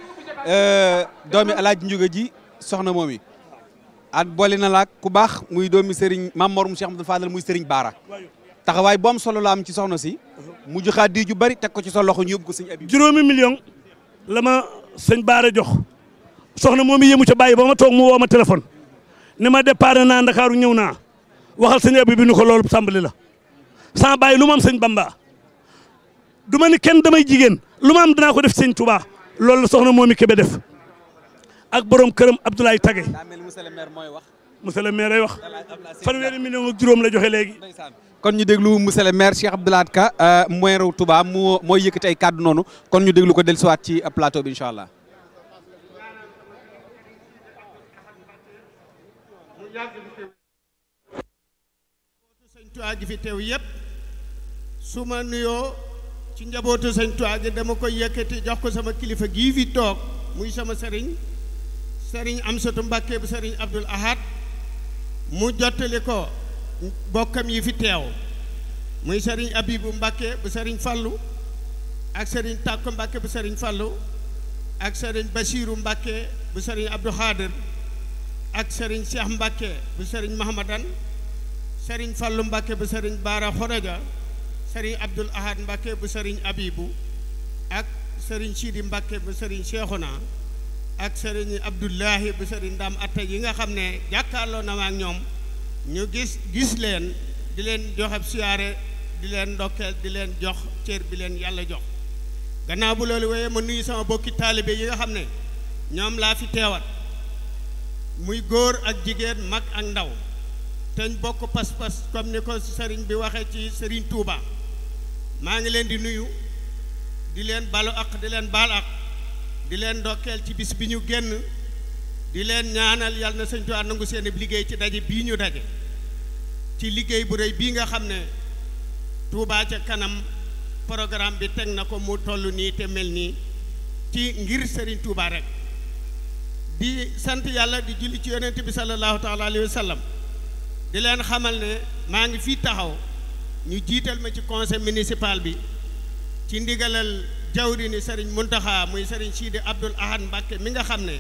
euh, doomi Alaaji Njuga ji soxna moom yi at na laak ku baax muy doomi Serigne Maam Mor mu Cheikh Amadou Fadal muy Serigne Baara taxawaay bu am solo la am ci soxna si mu joxaat di bari teg ko ci sa loxo ñu yóbbu ko sëñ abi juróomi million la ma sëñ baara jox soxna moom yéemu ca bàyyi ba ma toog mu woo ma téléphone ne ma départ naa ndakaaru ñëw naa waxal sëñ abi bi nu ko loolu sàmbali la sans bàyyi lu ma am sëñ du ma ni kenn damay jigéen lu ma am dinaa ko def sëñ tubaa loolu la soxna moom i kebe def ak borom këram Abdoulaye Tage monsieur le maire ay wax fanweeri million ak juróom la joxe léegi. kon ñu déglu monsieur le maire Cheikh Abdou Lahad Ka euh, maire tubaab moo mooy yëkkati ay kàddu noonu kon ñu déglu ko dellusiwaat ci euh, plateau bi incha allah. sëñ Tuubaa su ma nuyoo ci njabootu sëñ Tuubaa gi dama koy yëkkati jox ko sama kilifa gii fi toog muy sama sëriñ sëriñ Amsatu Mbàkke bu sëriñ Abdul Ahad mu jottali ko bokkam yi fi teew muy sëriñ abibu mbàkke bu sëriñ fàllu ak sëriñ tàkko mbàkke bu sëriñ fàllu ak sëriñ basiiru mbàkke bu sëriñ abdu xaadir ak sëriñ cheikh mbàkke bu sëriñ mahamadan sëriñ fàllu mbàkke bu sëriñ baara xoroja sëriñ abdul ahad mbàkke bu sëriñ abibu ak sëriñ siidi mbàkke bu sëriñ cheikhuna ak sëriñ Abdullahi bu sëriñ Ndam atta yi nga xam ne jàkkaarloo na ak ñoom ñu gis gis leen di leen joxe siyaare di leen ndokkeel di leen jox cër bi leen yàlla jox gannaaw bu loolu wéyee ma nuyu sama bokki taalibe yi nga xam ne ñoom laa fi teewat muy góor ak jigéen mag ak ndaw teñ bokk pas-pas comme ni ko sëriñ bi waxee ci sëriñ Touba maa ngi leen di nuyu di leen balu ak di leen baal ak di leen ndokkeel ci bis bi ñu génn di leen ñaanal yàlla na sëñ Tuubaa nangu seen liggéey ci daje bii ñu daje ci liggéey bu rëy bii nga xam ne Touba ca kanam programme bi teg na ko mu toll nii te mel nii ci ngir Serigne Touba rek di sant yàlla di julli ci yonent bi sallallahu taala alayhi wa di leen xamal ne maa ngi fii taxaw ñu jiital ma ci conseil municipal bi ci ndigalal ni sëriñ Muntaxa muy sëriñ Sidi Abdul Ahad Mbàkke mi nga xam ne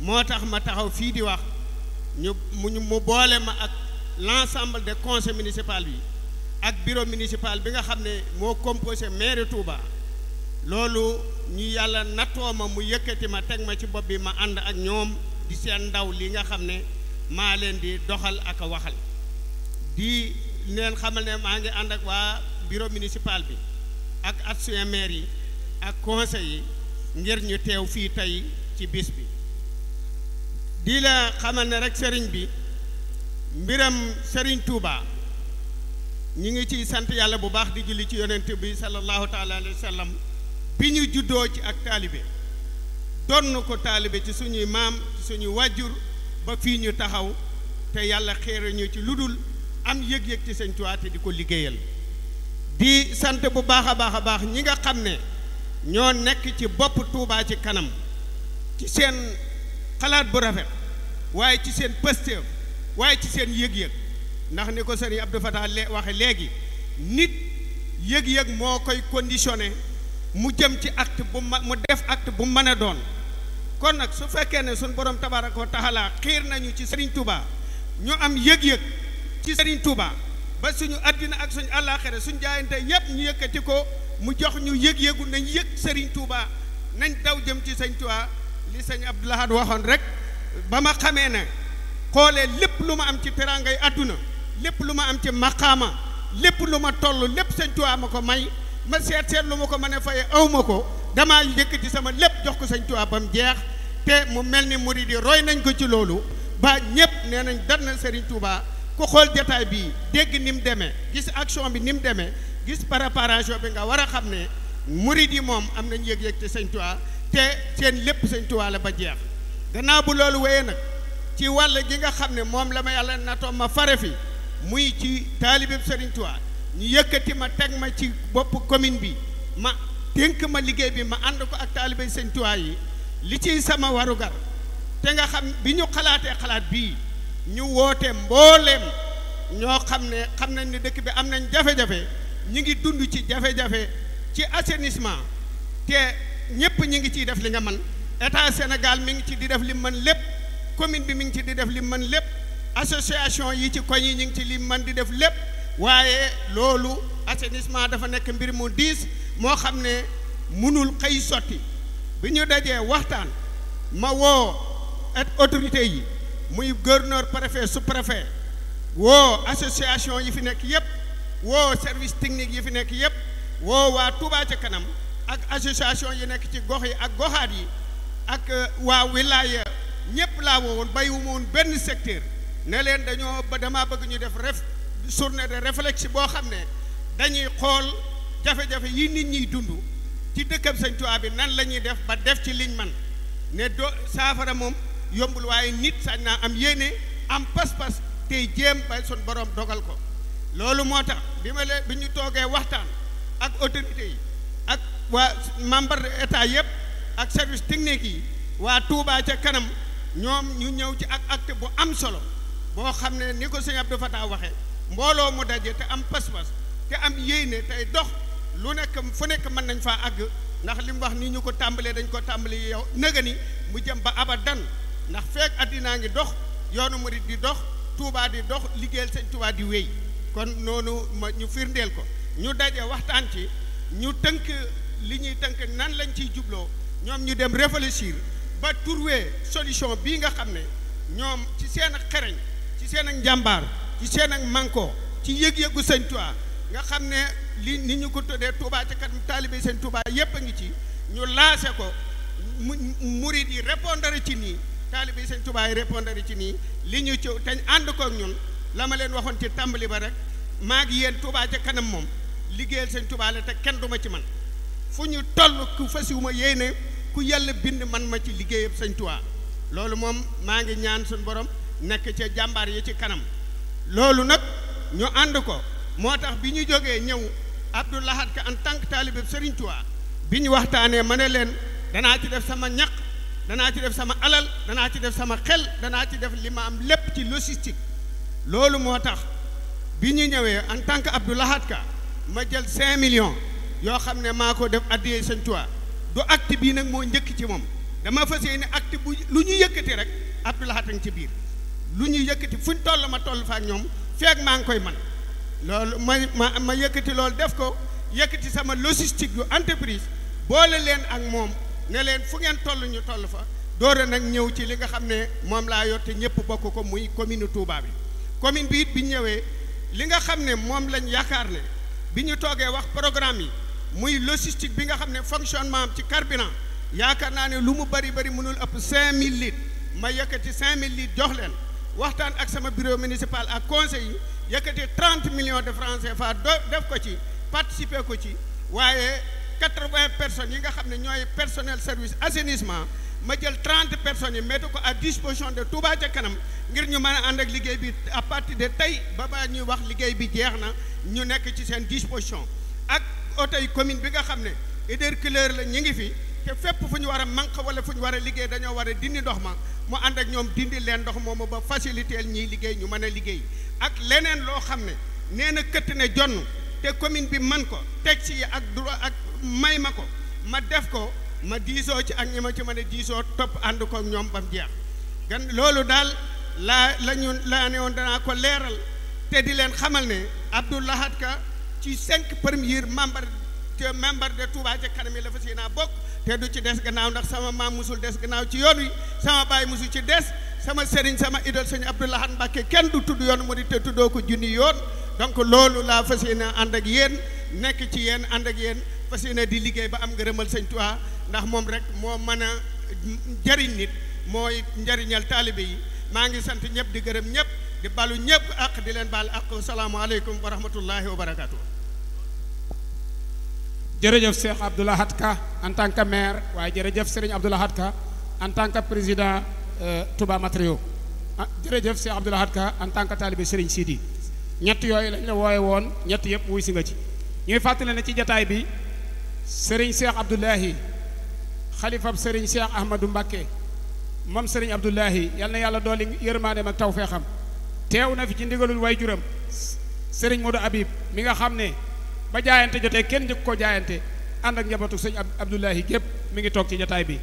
moo tax ma taxaw fii di wax ñu mu boole ma ak l'ensemble des conseils municipal bi ak bureau municipal bi nga xam ne moo composé maire Touba loolu ñu yàlla nattoo ma mu yëkkati ma teg ma ci bopp bi ma ànd ak ñoom di seen ndaw li nga xam ne maa leen di doxal ak a waxal di leen xamal ne maa ngi ànd ak waa bureau municipal bi ak adjoint maire yi ak conseil yi ngir ñu teew fii tey ci bis bi di la xamal ne rek sëriñ bi mbiram sëriñ Touba ñu ngi ciy sant yàlla bu baax di julli ci yonent bi sallallahu taala alayhi wa sallam bi ñu juddoo ci ak taalibe donn ko taalibe ci suñuy maam suñu suñuy ba fii ñu taxaw te yàlla xéere ñu ci lu dul am yëg-yëg ci sëñ Touba di ko liggéeyal di sant bu baax a baax a baax ñi nga xam ne ñoo nekk ci bopp Touba ci kanam ci seen xalaat bu rafet waaye ci seen pëstéef waaye ci seen yëg-yëg ndax ni ko sëriñ Abdou Fatah waxe léegi nit yëg-yëg moo koy conditionné mu jëm ci acte bu mu def acte bu mën a doon kon nag su fekkee ne suñ borom tabarakoo taxalaa taala xiir nañu ci sëriñ Touba ñu am yëg-yëg ci sëriñ Touba ba suñu àddina ak suñu àllaaxira suñu jaayante yépp ñu yëkkati ko mu jox ñu yëg-yëgu nañ yég Serigne Touba nañ taw jëm ci sëñ Touba li sëñ Abdoul Ahad waxoon rek ba ma xamee ne xoolee lépp lu ma am ci terangay àdduna lépp lu ma am ci maxaama lépp lu ma toll lépp sëñ Touba ma ko may ma seet seet lu ma ko mën a faye aw ma ko damaa ci sama lépp jox ko sëñ Touba ba mu jeex te mu mel ni murid yi roy nañ ko ci loolu ba ñëpp nee nañ dar na Serigne Touba ku xool jataay bii dégg ni mu demee gis action bi ni mu demee gis préparation bi nga war a xam ne murid yi moom am nañ yëg-yëg te sëñ Tuubaa te seen lépp sëñ Tuubaa la ba jeex gannaaw bu loolu wéyee nag ci wàll ji nga xam ne moom la ma yàlla natoo ma fare fi muy ci taalibeb sëriñ Tuubaa ñu yëkkati ma teg ma ci bopp commune bi ma dénk ma liggéey bi ma ànd ko ak taalibe sëñ Tuubaa yi li ciy sama warugar te nga xam bi ñu xalaatee xalaat bii ñu woote mbooleem ñoo xam ne xam nañ ne dëkk bi am nañ jafe-jafe ñi ngi dund ci jafe-jafe ci assainissement te ñëpp ñi ngi ciy def li nga man état Sénégal mi ngi ci di def li man lépp commune bi mi ngi ci di def li man lépp association yi ci koñ yi ñu ngi ci li man di def lépp waaye loolu assainissement dafa nekk mbir mu diis moo xam ne munul xëy sotti bi ñu dajee waxtaan ma woo ak autorité yi muy gouverneur préfet sous préfet woo association yi fi nekk yépp woo service technique yi fi nekk yépp woo waa Touba ca kanam ak association yi nekk ci gox yi ak goxaat yi ak euh, waa wilaaya ñépp laa woowoon bàyyiwuma woon benn secteur ne leen dañoo ba dama bëgg ñu def ref journée de réflexion boo xam ne dañuy xool jafe-jafe yi nit ñiy dund ci dëkkam Sëñ Tuubaa bi nan la ñuy def ba def ci liñ man ne saafara moom yombul waaye nit sañ naa am yéene am pas-pas tey jéem ba sun borom dogal ko loolu moo tax bi ma leen bi ñu toogee waxtaan ak autorité yi ak waa membre de état yëpp ak service technique yi waa Touba ca kanam ñoom ñu ñëw ci ak acte bu am solo boo xam ne ni ko sëñ fa Fatah waxee mbooloo mu daje te am pas-pas te am yéene tey dox lu nekk fu nekk mën nañ faa àgg ndax li mu wax ni ñu ko tàmbalee dañ ko tàmbali yow nëga mu jëm ba dan ndax feek addinaa ngi dox yoonu murit di dox Touba di dox liggéeyal sëñ Touba di wéy kon noonu ma ñu firndeel ko ñu daje waxtaan ci ñu tënk li ñuy tënk nan lañ ciy jubloo ñoom ñu dem réfléchir ba trouver solution bii nga xam ne ñoom ci seen ak xereñ ci seen ak njàmbaar ci seen ak manko ci yëg-yëgu sëñ Tuubaa nga xam ne li ñu ko tuddee Tuubaa ca kanam taalibe seen Tuubaa yépp a ngi ci ñu laase ko mu murit yi répondre ci nii taalibe sëñ Tuubaa yi répondre ci nii li ñu ci teñ ànd ko ak ñun la ma leen waxoon ci tàmbali ba rek maa ngi yéen Touba ca kanam moom liggéeyal sëñ Touba te kenn du ma ci man fu ñu toll ku fasiwuma yéene ku yàlla bind man ma ci liggéeyam sëñ Touba loolu moom maa ngi ñaan seen borom nekk ca jàmbaar yi ci kanam loolu nag ñu ànd ko moo tax bi ñu jógee ñëw Abdou Lahad Ka en tant que taalibe Serigne Touba bi ñu waxtaanee ma ne leen danaa ci def sama ñaq danaa ci def sama alal danaa ci def sama xel danaa ci def li ma am lépp ci logistique loolu moo tax bi ñu ñëwee en tant que Abdou Lahad Ka ma jël cinq millions yoo xam ne maa ko def addiyee Sëñ Tuubaa du acte bii nag moo njëkk ci moom dama fa yéene acte bu lu ñu yëkkati rek Abdou Lahad a ci biir lu ñu yëkkati fu ñu toll ma toll fa ak ñoom feeg maa ngi koy man loolu ma ma ma yëkkati loolu def ko yëkkati sama logistique yu entreprise boole leen ak moom ne leen fu ngeen toll ñu toll fa doora nag ñëw ci li nga xam ne moom laa yor te ñëpp bokk ko muy commune Touba bi commune bi it bi ñëwee li nga xam ne moom lañ yaakaar ne bi ñu toogee wax programme yi muy logistique bi nga xam ne fonctionnement am ci carburant yaakaar naa ne lu mu bari bari mënul ëpp 5000 litres ma yëkkati 5000 litres jox leen waxtaan ak sama bureau municipal ak conseil yi yëkkati 30 millions de francs CFA def ko ci participer ko ci waaye 80 personnes yi nga xam ne ñooy personnel service assainissement. ma jël trente personnes yi mettre ko à disposition de Touba ca kanam ngir ñu mën a ànd ak liggéey bi à partir de tey ba ba ñuy wax liggéey bi jeex na ñu nekk ci seen disposition ak oto commune bi nga xam ne hydrocureur la ñu ngi fi te fépp fu ñu war a manque wala fu ñu war liggéey dañoo war a dindi ndox ma mu ànd ak ñoom dindi leen ndox moomu ba faciliter ñiy liggéey ñu mën a liggéey ak leneen loo xam ne nee na këtt ne jonn te commune bi man ko teg ci ak droit ak may ma ko ma def ko ma diisoo ci ak ñi ma ci mën a diisoo topp ànd ko ñoom ba mu jeex gan loolu daal laa la ñu laa ne woon danaa ko leeral te di leen xamal ne Abdou Lahad Ka ci cinq premiers membres te membre de Touba ca kanam yi la fas yéenaa bokk te du ci des gannaaw ndax sama maam musul des gannaaw ci yoon wi sama baay musul ci des sama sëriñ sama idol sëñ Abdou Lahad Mbacke kenn du tudd yoon mu di te tuddoo ko junni yoon donc loolu laa fas yéenaa ànd ak yéen nekk ci yéen ànd ak yéen fas yéenaa di liggéey ba am ngërëmal sëñ Touba ndax moom rek moo mën a njariñ nit mooy njariñal taalibe yi maa ngi sant ñëpp di gërëm ñëpp di balu ñëpp ak di leen baal ak salaamualeykum wa rahmatullahi wa barakaatu. jërëjëf Cheikh Abdou Lahad Ka en tant que maire waaye jërëjëf Serigne Abdou Lahad Ka en tant que président euh, Touba Matériaux ah, jërëjëf Cheikh Abdou Lahad Ka en tant que taalibe Serigne Sidi ñett yooyu lañ la wooye woon ñett yëpp wuy si nga ci ñuy fàttali na ci jataay bi Serigne Cheikh Abdoulahi xalifab sëriñ Cheikh Ahmadou Mbakke moom sëriñ Abdoulahi yal na yàlla dooli yërmaaneem ak tawfeexam teew na fi ci ndigalul waajuram sëriñ Modou Habib mi nga xam ne ba jaayante jotee kenn njëkk ko jaayante ànd ak njabootu sëñ Abdoulahi gépp mi ngi toog ci jataay bi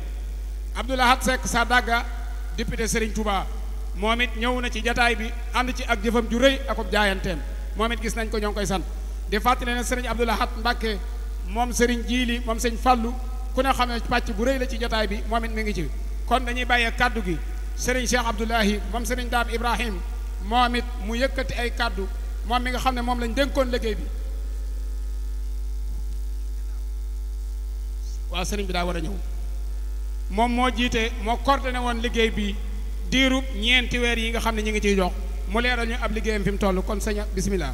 Abdoulahat sa Sadaga député sëriñ Touba moom it ñëw na ci jataay bi ànd ci ak jëfam ju rëy ak jaayanteem moom it gis nañ ko ñoo ngi koy sant di fàttali ne sëriñ Abdoulahat Mbakke moom sëriñ ku ne xam ne pàcc bu rëy la ci jotaay bi moom it mi ngi ci kon dañuy bàyyee kàddu gi sëriñ Cheikh Abdoulahi moom sëriñ Daam Ibrahim moom it mu yëkkati ay kàddu moom mi nga xam ne moom lañ dénkoon liggéey bi waaw sëriñ bi daa war a ñëw moom moo jiite moo coordonné woon liggéey bi diirub ñeenti weer yi nga xam ne ñu ngi ciy jox mu leeral ñu ab liggéeyam fi mu toll kon sëñ bisimilah.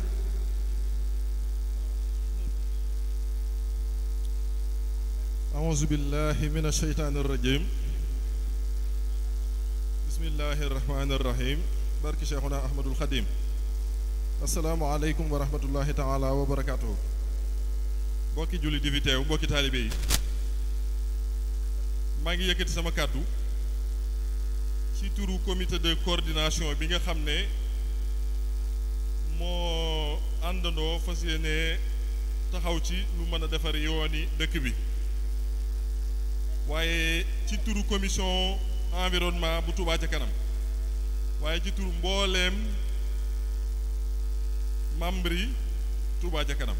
أعوذ بالله من الشيطان الرجيم بسم الله الرحمن الرحيم بارك شيخنا أحمد الخديم السلام عليكم ورحمة الله تعالى وبركاته mbokki jullit yi fi teew mbokki taalibe yi maa ngi yëkkati sama kàddu ci turu comité de coordination bi nga xam ne moo àndandoo fas yéene taxaw ci lu mën a defar yooni dëkk bi waaye ci turu commission environnement bu Touba ca kanam waaye ci turu mbooleem membre yi Touba ca kanam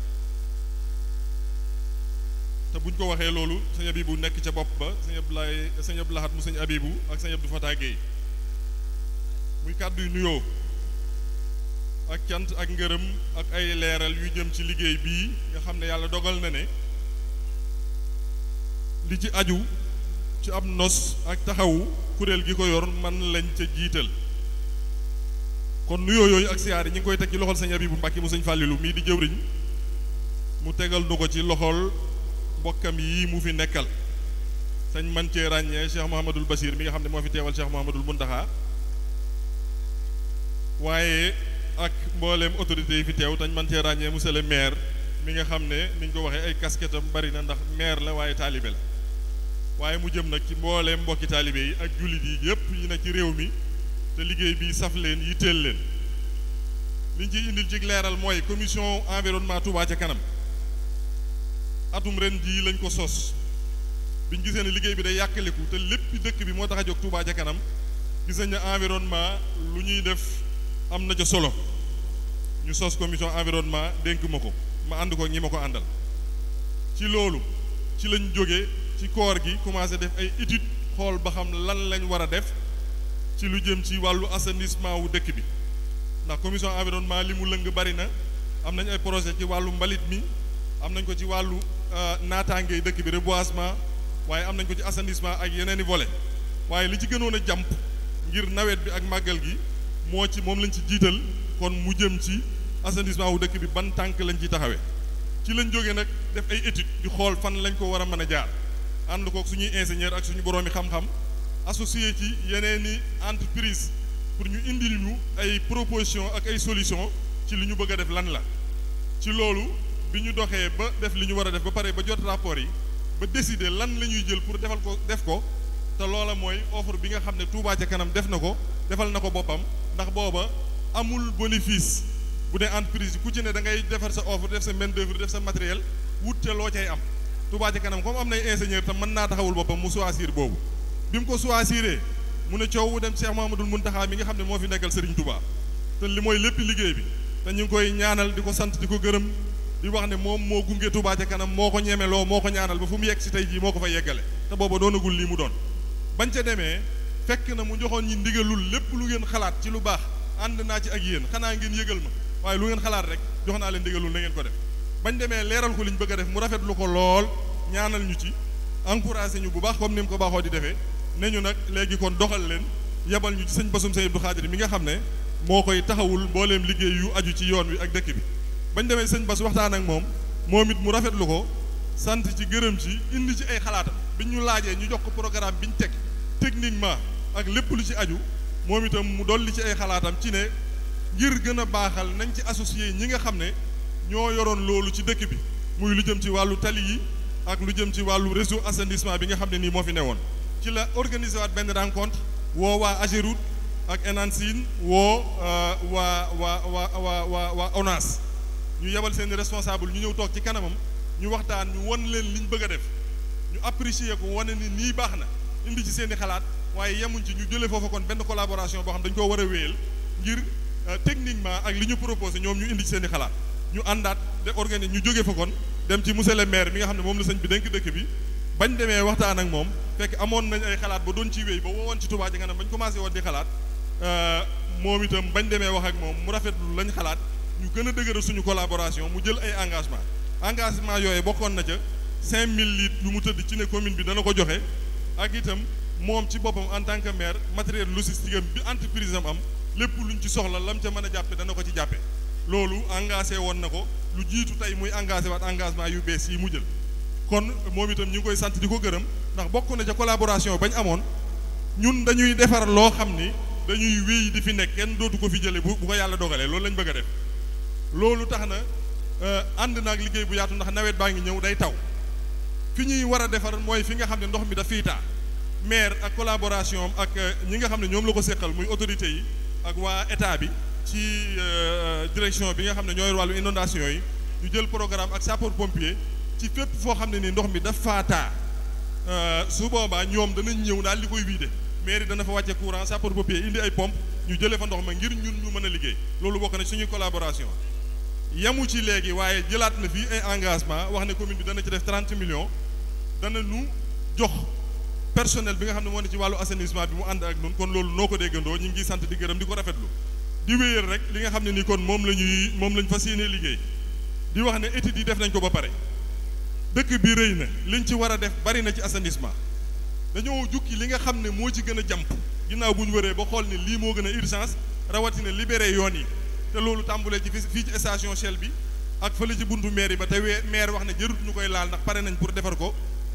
te buñ ko waxee loolu sëñ Abibu nekk ca bopp ba sëñ Abdoulaye sëñ Abdou Lahad mu sëñ Abibu ak sëñ Abdou Fatah Guèye muy kàddu yu nuyoo ak cant ak ngërëm ak ay leeral yu jëm ci liggéey bii nga xam ne yàlla dogal na ne li ci aju ci am nos ak taxawu kuréel gi ko yor man lañ ca jiital kon nuyoo yooyu ak siyaar yi ñu ngi koy teg ci loxol sëñ bu mbakki mu sëñ Fàllilu mii di jëwriñ mu tegal du ko ci loxol mbokkam yii mu fi nekkal sëñ man cee ràññee Cheikh Mouhamadul Basir mi nga xam ne moo fi teewal Cheikh Mouhamadul Muntaxa waaye ak mbooleem autorités yi fi teew tañ man cee ràññee monsieur le maire mi nga xam ne ni ñu ko waxee ay casquette am bari na ndax maire la waaye taalibe la waaye mu jëm nag ci mbooleem mbokki taalibe yi ak jullit yi yépp yi ne ci réew mi te liggéey bi saf leen yitteel leen liñ ciy indil ci leeral mooy commission environnement Touba ca kanam atum ren jii lañ ko sos biñ gisee ne liggéey bi day yàqaliku te lépp dëkk bi moo tax a jóg Touba ca kanam gis nañ na environnement lu ñuy def am na ca solo ñu sos commission environnement dénk ma ko ma ànd ko ñi ma ko àndal ci loolu ci lañ jógee ci koor gi commencé def ay étude xool ba xam lan lañ war a def ci lu jëm ci wàllu assainissement wu dëkk bi ndax commission environnement li mu lëng bari na am nañ ay projet ci wàllu mbalit mi am nañ ko ci wàllu euh, naataangey dëkk bi reboisement waaye am nañ ko ci assainissement ak yeneen i volet waaye li ci gënoon a jàmp ngir nawet bi ak màggal gi moo ci moom lañ ci jiital kon mu jëm ci assainissement wu dëkk bi ban tànk lañ ci taxawee ci lañ jógee nag def ay étude xool fan lañ ko war a mën a jaar ànd kook suñuy ingénieur ak suñu yi xam-xam associé ci yeneen i entreprise pour ñu indil ñu ay proposition ak ay solution ci li ñu bëgg a def lan la ci loolu bi ñu doxee ba def li ñu war a def ba pare ba jot rapport yi ba décider lan la ñuy jël pour defal ko def ko te loola mooy offre bi nga xam ne Touba ca kanam def na ko defal na ko boppam ndax booba amul bénéfice bu dee entreprise ku ci ne da ngay defar sa offre def sa main d'œuvre def sa matériel wut loo cay am Touba ca kanam comme am nay ingénieur tam mën naa taxawul boppam mu choisir boobu bi mu ko choisiree mu ne coowu dem Cheikh Mouhamadoul Mountakha mi nga xam ne moo fi nekkal Serigne Touba te li mooy lépp liggéey bi te ñu ngi koy ñaanal di ko sant di ko gërëm di wax ne moom moo gunge Touba ca kanam moo ko ñemeloo moo ko ñaanal ba fu mu yegg si tey jii moo ko fa yeggale te booba doonagul lii mu doon bañ ca demee fekk na mu joxoon ñi ndigalul lépp lu ngeen xalaat ci lu baax ànd naa ci ak yéen xanaa ngeen yëgal ma waaye lu ngeen xalaat rek jox naa leen ndigalul na ngeen ko def bañ demee leeral ko liñ bëgg a def mu rafetlu ko lool ñaanal ñu ci encouragé ñu bu baax comme ni mu ko baaxoo di defee ne ñu nag léegi kon doxal leen yebal ñu ci sëñ basum sëñ Abdou Khadir mi nga xam ne moo koy taxawul mbooleem liggéey yu aju ci yoon wi ak dëkk bi bañ demee sëñ bas waxtaan ak moom moom it mu rafetlu ko sant ci gërëm ci indi ci ay xalaatam biñ ñu laajee ñu jox ko programme bi ñu teg techniquement ak lépp lu ci aju moom itam mu dolli ci ay xalaatam ci ne ngir gën a baaxal nañ ci associé ñi nga xam ne ñoo yoroon loolu ci dëkk bi muy lu jëm ci wàllu tali yi ak lu jëm ci wàllu réseau assainissement bi nga xam ne nii moo fi newoon ci la organiser waat benn rencontre woo waa Ageroute ak Enancine woo euh, waa waa waa waa waa ñu yebal seen responsable ñu ñëw toog ci kanamam ñu waxtaan ñu won leen liñ bëgg a def ñu apprécier ko wane ni nii baax na indi ci seen i xalaat waaye yemuñ ci ñu jëlee foofa kon benn collaboration boo xam dañ koo war a wéyal ngir euh, techniquement ak li ñu proposé ñoom ñu indi ci xalaat ñu àndaat de organiser ñu jóge fa kon dem ci monsieur le maire mi nga xam ne moom la sëñ bi dénk dëkk bi bañ demee waxtaan ak moom fekk amoon nañ ay xalaat ba doon ci wéy ba woowoon ci Touba ji nga ba bañ commencé woon di xalaat euh, moom itam bañ demee wax ak moom mu rafetlu lañ xalaat ñu gën a dëgëral suñu collaboration mu jël ay engagement engagement yooyu bokkoon na ca cinq mille litres yu mu tëdd ci ne commune bi dana ko joxe ak itam moom ci boppam en tant que maire matériel logistique am bi entreprise am am lépp luñ ci soxla lam ca mën a jàppe dana ko ci jàppe loolu engagé woon na ko lu jiitu tey muy engagé waat engagement yu bees yi mu jël kon moom itam ñu koy sant di ko gërëm ndax bokk na ca collaboration bañ amoon ñun dañuy defar loo xam ni dañuy wéy di fi nekk kenn dootu ko fi jële bu bu ko yàlla dogalee loolu lañ bëgg a def loolu tax na euh, ànd naag liggéey bu yaatu ndax nawet baa ngi ñëw day taw fi ñuy war a defar mooy fi nga xam ne ndox mi daf fiy taa maire ak collaboration ak euh, ñi nga xam ne ñoom la ko seqal muy autorités yi ak waa état bi ci euh, direction bi nga xam ne ñooy wàllu inondation yi ñu jël programme ak sapeur pompier ci fépp foo xam ne ni ndox mi daf faa taa euh, su boobaa ñoom danañ ñëw daal di koy vider mairie dana fa wàcce courant sapeur pompier indi ay pompe ñu jëlee fa ndox ma ngir ñun ñu mën a liggéey loolu bokk na suñu collaboration yamu ci léegi waaye jëlaat na fii ay engagement wax ne commune bi dana ci def 30 millions dana nu jox personnel bi nga xam ne moo ne ci wàllu assainissement bi mu loolu noo ko déggandoo ñu ngi sant di gërëm di ko rafetlu di wéyal rek li nga xam ne ni kon moom la ñuy moom la fas yéenee liggéey di wax ne études yi def nañ ko ba pare dëkk bi rëy na liñ ci war a def bari na ci assainissement dañoo jukki li nga xam ne moo ci gën a jàmp ginnaaw bu wëree ba xool ne lii moo gën a urgence rawatina libéré yoon yi te loolu tàmbulee ci fii ci station Shell bi ak fële ci buntu meer yi ba te maire wax ne jërut ñu koy laal ndax pare nañ pour defar ko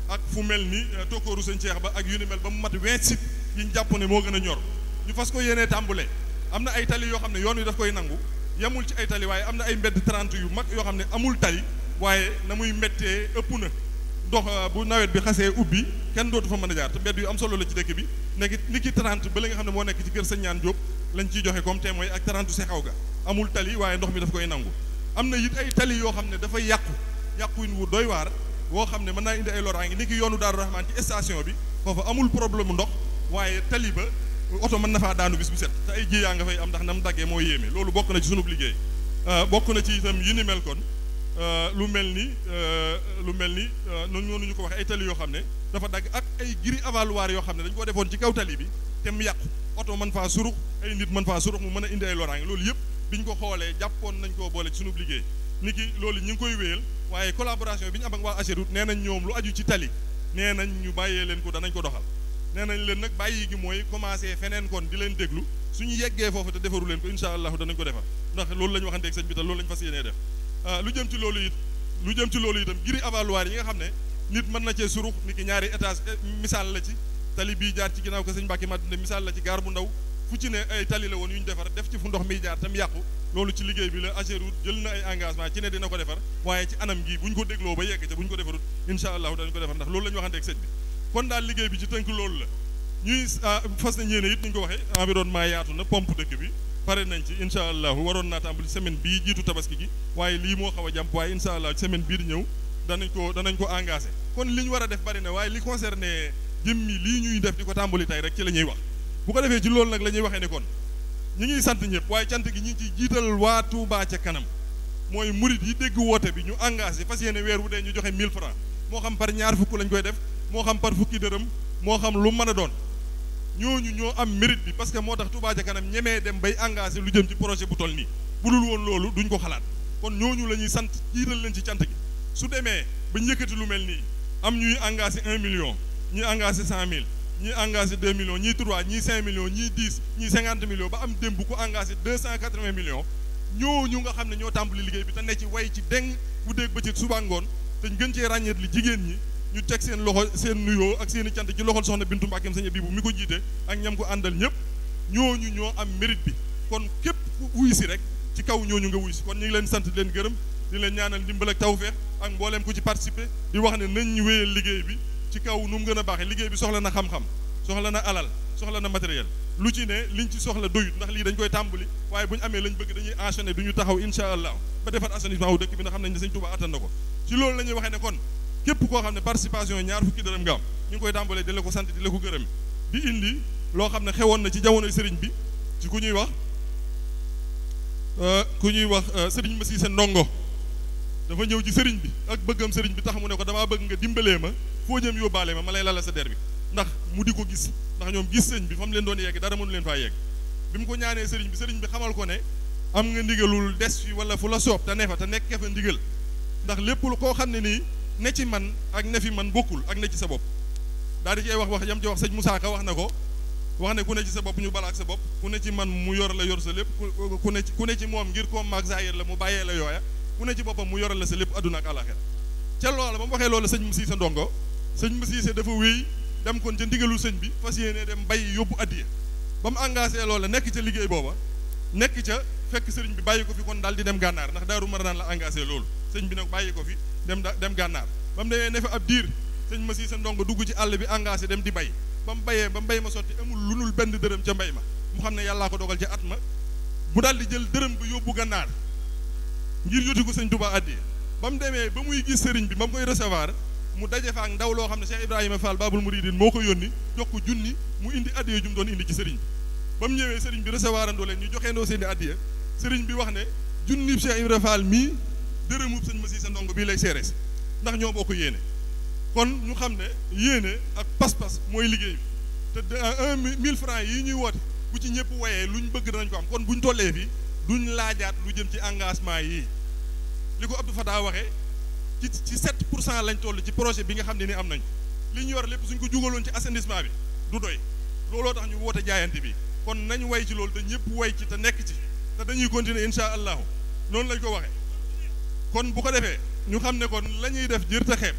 ak fu mel ni euh, tokkooru sëñ ceex ba ak yu ni ba mu mat vingt sites yi ñu jàpp ne moo gën a ñor ñu fas ko yéenee tàmbulee am na ay tali yoo xam ne yoon wi daf koy nangu yemul ci ay tali waaye am na ay mbedd trente yu mag yoo xam ne amul tali waaye na muy méttee ëpp na dox euh, bu nawet bi xasee ubbi kenn dootu fa mën a jaar te am solo la ci dëkk bi nekk ni ki trente ba li xam ne moo nekk ci kër Sëñ Ñaan Jóob lañ ciy joxe comme témoin ak trente xaw ga amul tali waaye ndox mi daf koy nangu am na it ay tali yoo xam ne dafa yàqu yàquwin wu doy waar woo xam ne mën naa indi ay loraangi ni ki yoonu Daaru Rahmaan ci station bi foofu amul problème ndox waaye tali ba oto mën na faa daanu bis bu set te ay jiyaa nga fay am ndax nam daggee moo yéeme loolu bokk na ci sunub liggéey euh, bokk na ci itam yu ni mel kon euh, lu mel ni euh, lu mel ni noonu ñu ko waxee ay tali yoo xam ne dafa dagg ak ay giri avaloir yoo xam ne dañu ko defoon ci kaw tali bi te mu yàqu oto man faa surux ay nit mën faa surux mu mën a indi ay loraange loolu yëpp bi ñu ko xoolee jàppoon nañ koo boole ci sunub liggéey ni ki loolu ñu ngi koy wéyal waaye collaboration bi ñu am waa AGEROUTE nee nañ ñoom lu aju ci tali nee nañ ñu bàyyee leen ko danañ ko doxal nee nañ leen nag bàyyi gi mooy commencé feneen kon di leen déglu suñu yeggee foofu te defaru leen ko incha allahu danañ ko defar ndax loolu la ñu waxanteeg sëñ bi te loolu la ah, jëm ci loolu it lu jëm ci loolu nga xam ne nit mën na cee surux ni ki ñaari étage eh, misaal la ci tali bii jaar ci ginnaaw ko sëñ ne tali la woon yu def ci fu ndox miy jaar tam loolu ci liggéey bi la Ageroute jël na ay engagement ci ne dina ko defar waaye ci anam gi bu ñu ko dégloo ba yegg ca bu ñu ko defarut incha allahu la ñu waxanteeg bi kon daal liggéey bi ci tënk loolu la ñuy ah, fas nañ yéene it ni ñu ko waxee environnement yaatu na pomp dëkk bi pare nañ ci incha allahu waroon naa tàmbali semaine bii jiitu tabaski gi waaye lii moo xaw a jàmp waaye incha allah semaine bii di ñëw danañ ko danañ ko engagé kon li ñu war a def bari na waaye li concerné jëmmi lii ñuy def di ko tàmbali tey rek ci la ñuy wax bu ko defee ci loolu nag la ñuy waxee ne kon ñi ngi sant ñëpp waaye cant gi ñi ci ciy jiital waa Touba kanam mooy murit yi dégg woote bi ñu engagé fas yéene weer wu dee ñu joxe 1000 francs moo xam par ñaar fukk lañ koy def moo xam par fukki dërëm moo xam lu mën a doon ñoo ñu ñoo am mérite bi parce que moo tax Touba ca kanam ñemee dem bay engagé lu jëm ci projet bu toll nii bu dul woon loolu duñ ko xalaat kon ñooñu la ñuy sant jiital leen ci cant gi su demee ba njëkkati lu mel nii am ñuy engagé un million ñuy engagé cent mille ñii engagé deux millions ñi trois ñii cinq millions ñi dix ñii cinquante millions ba am démb ku engagé deux cent quatre-vingts millions ñooñu nga xam ne ñoo tàmbali liggéey bi te ne ci way ci deng bu dégg bëccëg suba ngoon te gën cee ràññeet li jigéen ñi ñu teg seen loxo seen nuyoo ak seen i cant ci loxol soxna Bintu Mbàkkeem sëñ bi bu mi ko jiite ak ñam ko àndal ñëpp ñooñu ñoo am mérite bi kon képp wuy si rek ci kaw ñooñu nga wuy si kon ñu leen sant leen gërëm di leen ñaanal ndimbal ak tawfeex ak mbooleem ko ci participer di wax ne nañ ñu wéyal liggéey bi ci kaw nu mu gën a baaxee liggéey bi soxla na xam-xam soxla na alal soxla na matériel lu ci ne liñ ci soxla doyut ndax lii dañ koy tàmbali waaye bu ñu amee lañ bëgg dañuy enchaîner du ñu taxaw incha allah ba defar nañ ne sëñ Tuubaa la ñuy waxee ne kon képp koo xam ne participation ñaar fukki dërëm nga am ñu ngi koy tàmbalee di la ko sant di la ko gërëm di indi loo xam ne xewoon na ci jamonoy sëriñ bi ci ku ñuy wax euh, ku ñuy wax euh, sëriñ ma si seen ndongo dafa ñëw ci sëriñ bi ak bëggam sëriñ bi tax mu ne ko damaa bëgg nga dimbalee ma foo jëm yóbbaale ma ma lay lala sa der bi ndax mu di ko gis ndax ñoom gis sëriñ bi fa leen doon yegg dara mënu leen faa yegg bi mu ko ñaanee sëriñ bi sëriñ bi xamal ko ne am nga ndigalul des fi wala fu la soob te ne nekk fa ndax lépp lu koo xam ne nii ne ci man ak ne fi man bokkul ak ne ci sa bopp daal di koy wax wax yam ci wax sëñ Moussa Ka wax na ko wax ne ku ne ci sa bopp ñu balaak sa bopp ku ne ci man mu yor la yor sa lépp ku ne ci ku ne ci moom ngir koom maag zaahir mu bàyyee la yooya ku ne ci boppam mu la sa lépp àdduna ak àlaxira ca loola ba mu waxee loola sëñ mu siise ndongo sëñ mu siise dafa wéy dem kon ca ndigalul sëñ bi fas yéene dem bay yóbbu addiya ba mu engagé loola nekk ca liggéey booba nekk ca fekk sëriñ bi bàyyi ko fi kon daal di dem gànnaar ndax daaru mar naan la engagé loolu sëñ bi nag bàyyi ko fi dem dem gànnaar ba mu demee ne fa ab diir sëñ ma si sa ndongo dugg ci àll bi engagé dem di bay ba mu bayee ba mu bay ma sotti amul lu nul benn dërëm ca mbay ma mu xam ne yàllaa ko dogal ca at ma mu daal di jël dërëm bi yóbbu gànnaar ngir yóti ko sëñ Tuubaa addi ba mu demee ba muy gis sëriñ bi ba mu koy recevoir mu daje fa ndaw loo xam ne Cheikh Ibrahima Fall Babul Mouridine moo ko yónni jox ko junni mu indi addiya ju mu doon indi ci sëriñ bi ba mu ñëwee sëriñ bi recevoir andoo leen ñu joxeendoo seen i addiya sëriñ bi wax ne junni Cheikh Ibrahima Fall dërëmub sëñ ma siise ndongo bii lay seere si ndax ñoo boo ko yéene kon ñu xam ne yéene ak pas-pas mooy liggéey bi te euh, un mille francs yi ñuy woote bu ci ñëpp woyee lu ñu bëgg danañ ko am kon bu tollee fii duñ laajaat lu jëm ci engagement yi li ko Abdou Fatah waxee ci ci 7 pour cent lañ toll ci projet bi nga xam ne ni am nañ li ñu war lépp suñ ko jugaloon ci assainissement bi du doy looloo tax ñu woote jaayant bi kon nañ way ci loolu te ñëpp way ci te nekk ci dañuy continuer incha allahu noonu lañ ko waxee. kon bu ko defee ñu xam ne kon la ñuy def jër ta xeeb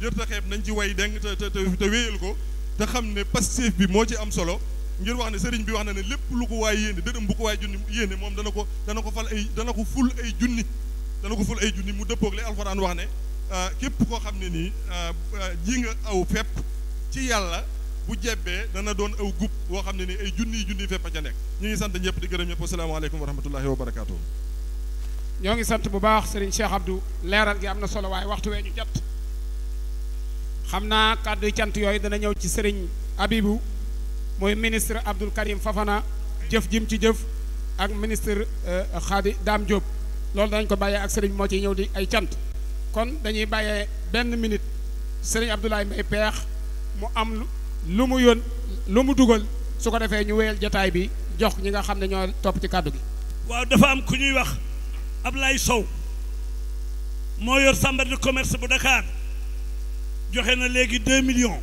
jër ta nañ ci way deng te te te wéyal ko te xam ne passif bi moo ci am solo ngir wax ne sëriñ bi wax na ne lépp lu ko waay yéene dërëm bu ko waay junni yéene moom dana ko dana ko fal ay dana ko ful ay junni dana ko ful ay junni mu dëppoog li alxuraan wax ne euh, képp koo xam ne nii euh, euh, ji nga aw fepp ci yàlla bu jebbee dana doon aw gub boo xam ne nii ay junni junni fepp a ca nekk ñu ngi sant ñëpp di gërëm ñëpp asalaamaaleykum wa rahmatullahi wa barakaatu. ñoo ngi sant bu baax sëriñ Cheikh Abdou leeral gi am na solo waaye waxtu wee ñu jot xam naa kàddu cant yooyu dana ñëw ci sëriñ Abibou mooy ministre Abdoul Karim Fafana jëf jim ci jëf ak ministre euh, Khady daam Diop loolu dañ ko bàyyee ak sëriñ moo ciy ñëw di ay cant kon dañuy bàyyee benn minute sëriñ Abdoulaye Mbaye Peex mu am lu mu yón lu mu dugal su ko defee ñu wéyal jataay bi jox ñi nga xam ne ñoo topp ci kàddu gi waaw dafa am ku ñuy wax Ablaye Sow moo yor chambre de commerce bu Dakar joxe na léegi deux millions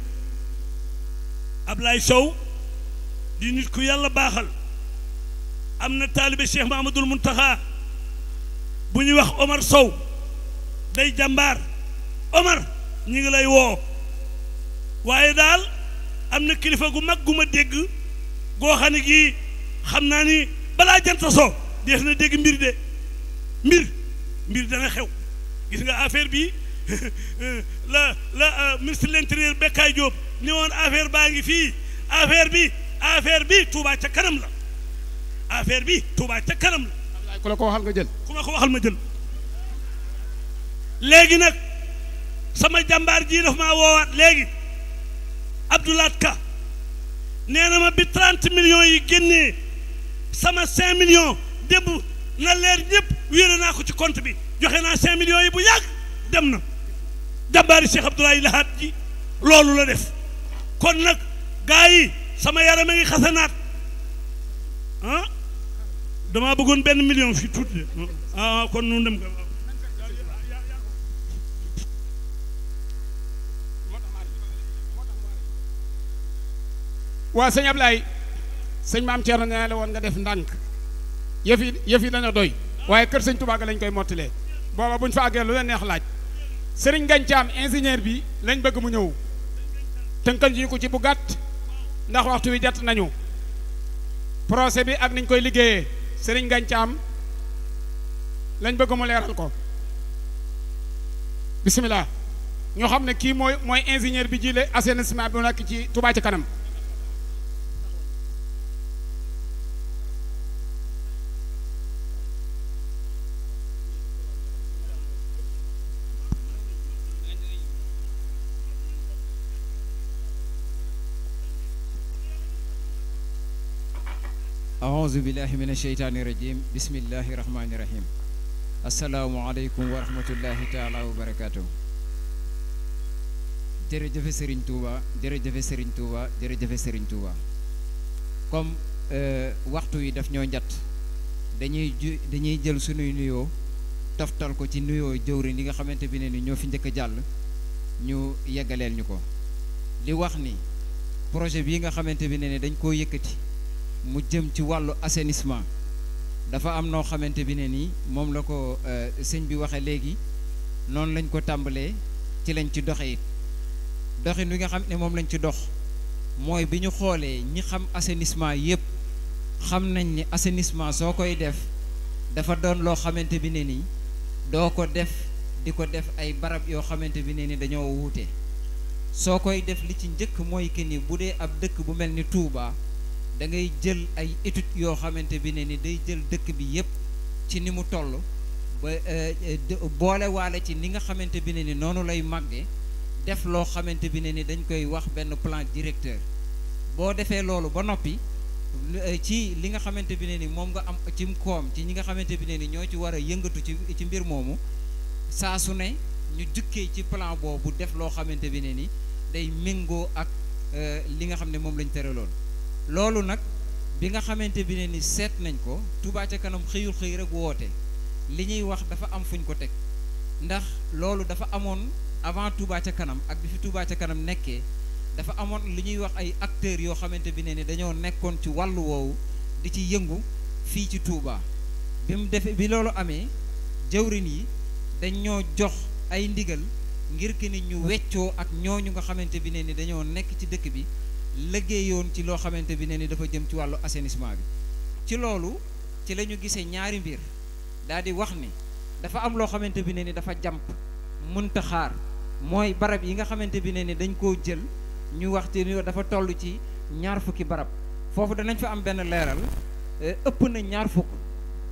Ablaye Sow di nit ku yàlla baaxal am na taalibe Cheikh Mahamadul Muntaxa bu ñuy wax Omar Sow day jàmbaar Omar ñi ngi lay woo waaye daal am na kilifa gu mag gu ma dégg goo xam gii xam naa ni balaa jant so dees na dégg mbir de mbir mbir dana xew gis affaire bi la la euh, ministre de l'intérieur Bekkaay Diop ne woon affaire baa ngi fii affaire bi affaire bi Touba ca kanam la affaire bi Touba ca kanam la. ku la ko waxal nga jël. ku ma ko waxal ma jël léegi nag sama jàmbaar jii dafa maa woowaat léegi Abdoulaat Ka nee na ma bi 30 millions yi génnee sama na leer ñëpp wéere naa ko ci compte bi joxe naa cinq millions yi bu yàgg dem na jàmbaari Cheikh Abdoulaye Lahat ji loolu la def kon nag gaa yi sama yaram a ngi xasanaat ah damaa bëggoon benn million fii tuuti ah kon nu dem waa sëñ Ablaye sëñ maam Thierno nee la woon nga def ndànk yëf yi yëf yi dana doy waaye kër sañ Tuubaa ga lañ koy mottilee booba buñ fa àggee lu leen neex laaj sëriñ Gancaam ingénieur bi lañ bëgg mu ñëw tënkal ji ko ci bu gàtt ndax waxtu wi jàtt nañu procès bi ak niñ koy liggéeyee sëriñ Gancaam lañ bëgg mu leeral ko bisimilah ñoo xam ne kii mooy mooy ingénieur bi jiile assainissement bi mu nekk ci Touba ci kanam aouzu billahi min asheytaani rajim bismillahi rahmaani rahim asalaamualeykum wa rahmatullahi taala wa barakaatu jërëjëfe sëriñ Touba jërëjëfe sëriñ Touba jërëjëfe sëriñ Touba comme euh, waxtu yi daf ñoo njat dañuy ju dañuy jël sunuy nuyoo toftal ko ci nuyoo jëwriñ li nga xamante bi ne ni ñoo fi njëkk a jàll ñu yeggaleel ñu ko li wax ni projet bii nga xamante bi ne ni dañ koo yëkkati mu jëm ci wàllu assainissement dafa am noo xamante bi ne nii moom la ko euh, sëñ bi waxee léegi noonu lañ ko tàmbalee ci lañ ci doxe it doxin wi nga xam ne moom lañ ci dox mooy bi ñu xoolee ñi xam assainissement yépp xam nañ ni assainissement soo koy def dafa doon loo xamante bi ne nii doo ko def di ko def ay barab yoo xamante bi ne ni dañoo wuute soo koy def li ci njëkk mooy que ni bu dee ab dëkk bu mel ni Touba. da ngay jël ay étude yoo xamante bi ne ni day jël dëkk bi yépp ci ni mu toll ba euh, boole waale ci ni nga xamante bi ne ni noonu lay màggee def loo xamante bi ne ni dañ koy wax benn plan directeur boo defee loolu ba noppi euh, ci li nga xamante bi ne ni moom nga am ci koom ci ñi nga xamante bi ne ni ñoo ci war a yëngatu ci ci mbir moomu saa su ne ñu jukkee ci plan boobu def loo xamante bi ne ni day méngoo ak euh, li nga xam ne moom lañ teraloon loolu nag bi nga xamante bi ne ni seet nañ ko Touba ca kanam xëyul xëy rek woote li ñuy wax dafa am fuñ ko teg ndax loolu dafa amoon avant Touba ca kanam ak bi fi Touba ca kanam nekkee dafa amoon li ñuy wax ay acteurs yoo xamante bi ne ni dañoo nekkoon ci wàllu woowu di ci yëngu fii ci Touba bi defee bi loolu amee jëwrin yi dañ ñoo jox ay ndigal ngir ki ni ñu weccoo ak ñooñu nga xamante bi ne ni dañoo nekk ci dëkk bi yoon ci loo xamante bi ne ni dafa jëm ci wàllu assainissement bi ci loolu ci la ñu gisee ñaari mbir daal di wax ni dafa am loo xamante bi ne ni dafa jàmp mënta xaar mooy barab yi nga xamante bi ni dañ koo jël ñu wax ci ni dafa toll ci ñaar fukki barab foofu danañ fa am benn leeral euh, ëpp na ñaar fukk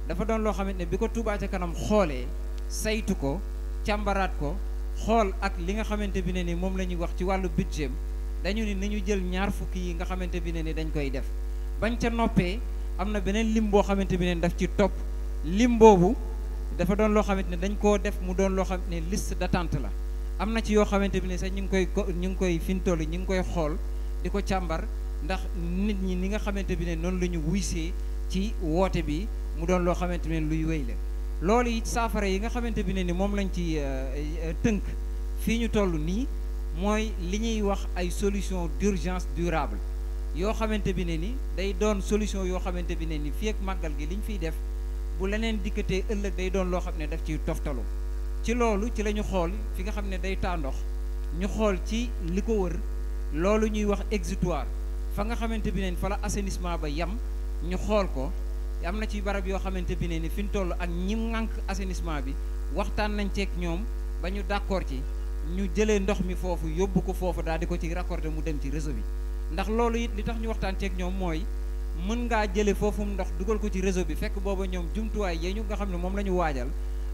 dafa doon loo xamante ne bi ko Touba ci kanam xoolee saytu ko càmbaraat ko xool ak li nga xamante bi ne ni moom la ñuy wax ci wàllu budget dañu ni nañu jël ñaar fukki yi nga xamante bi ne ni dañ koy def bañ ca noppee am na beneen lim boo xamante bi ne daf ci topp lim boobu dafa doon loo xamante ne dañ koo def mu doon loo xam ne liste d'attente la am na ci yoo xamante bi ne sax ñu ngi koy ñu ngi koy fintool yi ñu ngi koy xool di ko càmbar ndax nit ñi ni nga xamante bi ne noonu la ñu wuysee ci woote bi mu doon loo xamante ne luy wéy la loolu it saafara yi nga xamante bi ne ni moom lañ ci euh, euh, tënk fii ñu toll nii mooy li ñuy wax ay solution d'urgence durable yoo xamante bi ne ni day doon solution yoo xamante bi ne ni fii ak màggal gi li ñu fiy def bu leneen dikkatee ëllëg day doon loo xam ne daf ciy toftalu ci loolu ci la ñu xool fi nga xam ne day taa ñu xool ci li ko wër loolu ñuy wax exutoire fa nga xamante bi ne ni fa la assainissement ba yem ñu xool ko am na ci barab yoo xamante bi ne ni fi ñu toll ak ñi ŋànk assainissement bi waxtaan nañ ceeg ñoom ba ñu d'accord ci ñu jëlee ndox mi foofu yóbbu ko foofu daal di ko ci raccordé mu dem ci réseau bi ndax loolu it li tax ñu waxtaan ceeg ñoom mooy mën ngaa jëlee foofum ndox dugal ko ci réseau bi fekk booba ñoom jumtuwaay yee ñu nga xam ne moom la ñu waajal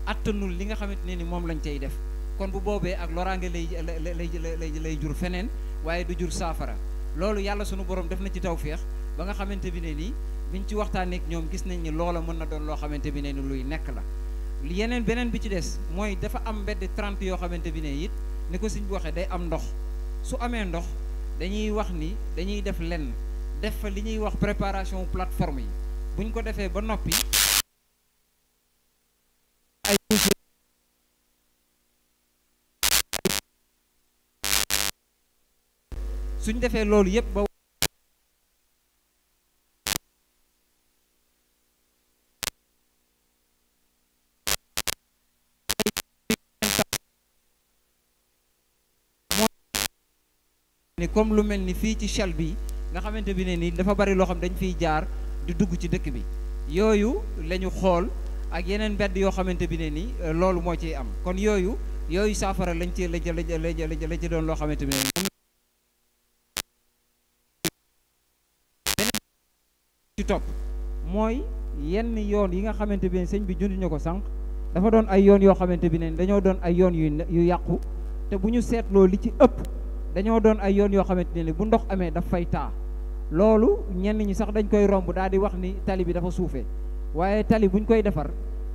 attanul li nga xamante ne ni moom lañ cay def kon bu boobee ak loraange lay lay lay lay jur feneen waaye du jur saafara loolu yàlla sunu borom def na ci tawféex ba nga xamante bi ne nii biñ ci waxtaanee ak ñoom gis nañ ni loola mën na doon loo xamante bi ne luy nekk la. li yeneen beneen bi ci des mooy dafa am mbedd trent yoo xamante bi ne it ni ko sëñ bi waxee day am ndox su amee ndox dañuy wax ni dañuy def lenn def fa li ñuy wax préparation plateforme yi bu ko defee ba noppi ay suñ defee loolu yëpp ba ni comme lu mel ni fii ci chal bi nga xamante bi ne nii dafa bari loo xam dañ fiy jaar di dugg ci dëkk bi yooyu lañu xool ak yeneen mbedd yoo xamante bi ne nii euh, loolu moo ciy am kon yooyu yooyu saafara lañ ci lañ lañ lañ lañ ci doon loo xamante bi ne mooy yenn yoon yi nga xamante bi ne sëñ bi junj ñu ko sànq dafa doon ay yoon yoo xamante bi ne dañoo doon ay yoon yu yu yàqu te bu ñu seetloo li ci ëpp dañoo doon ay yoon yoo xamante ne ni bu ndox amee dafa fay taa loolu ñenn ñi sax dañ koy romb daal di wax ni tali bi dafa suufee waaye tali buñ koy defar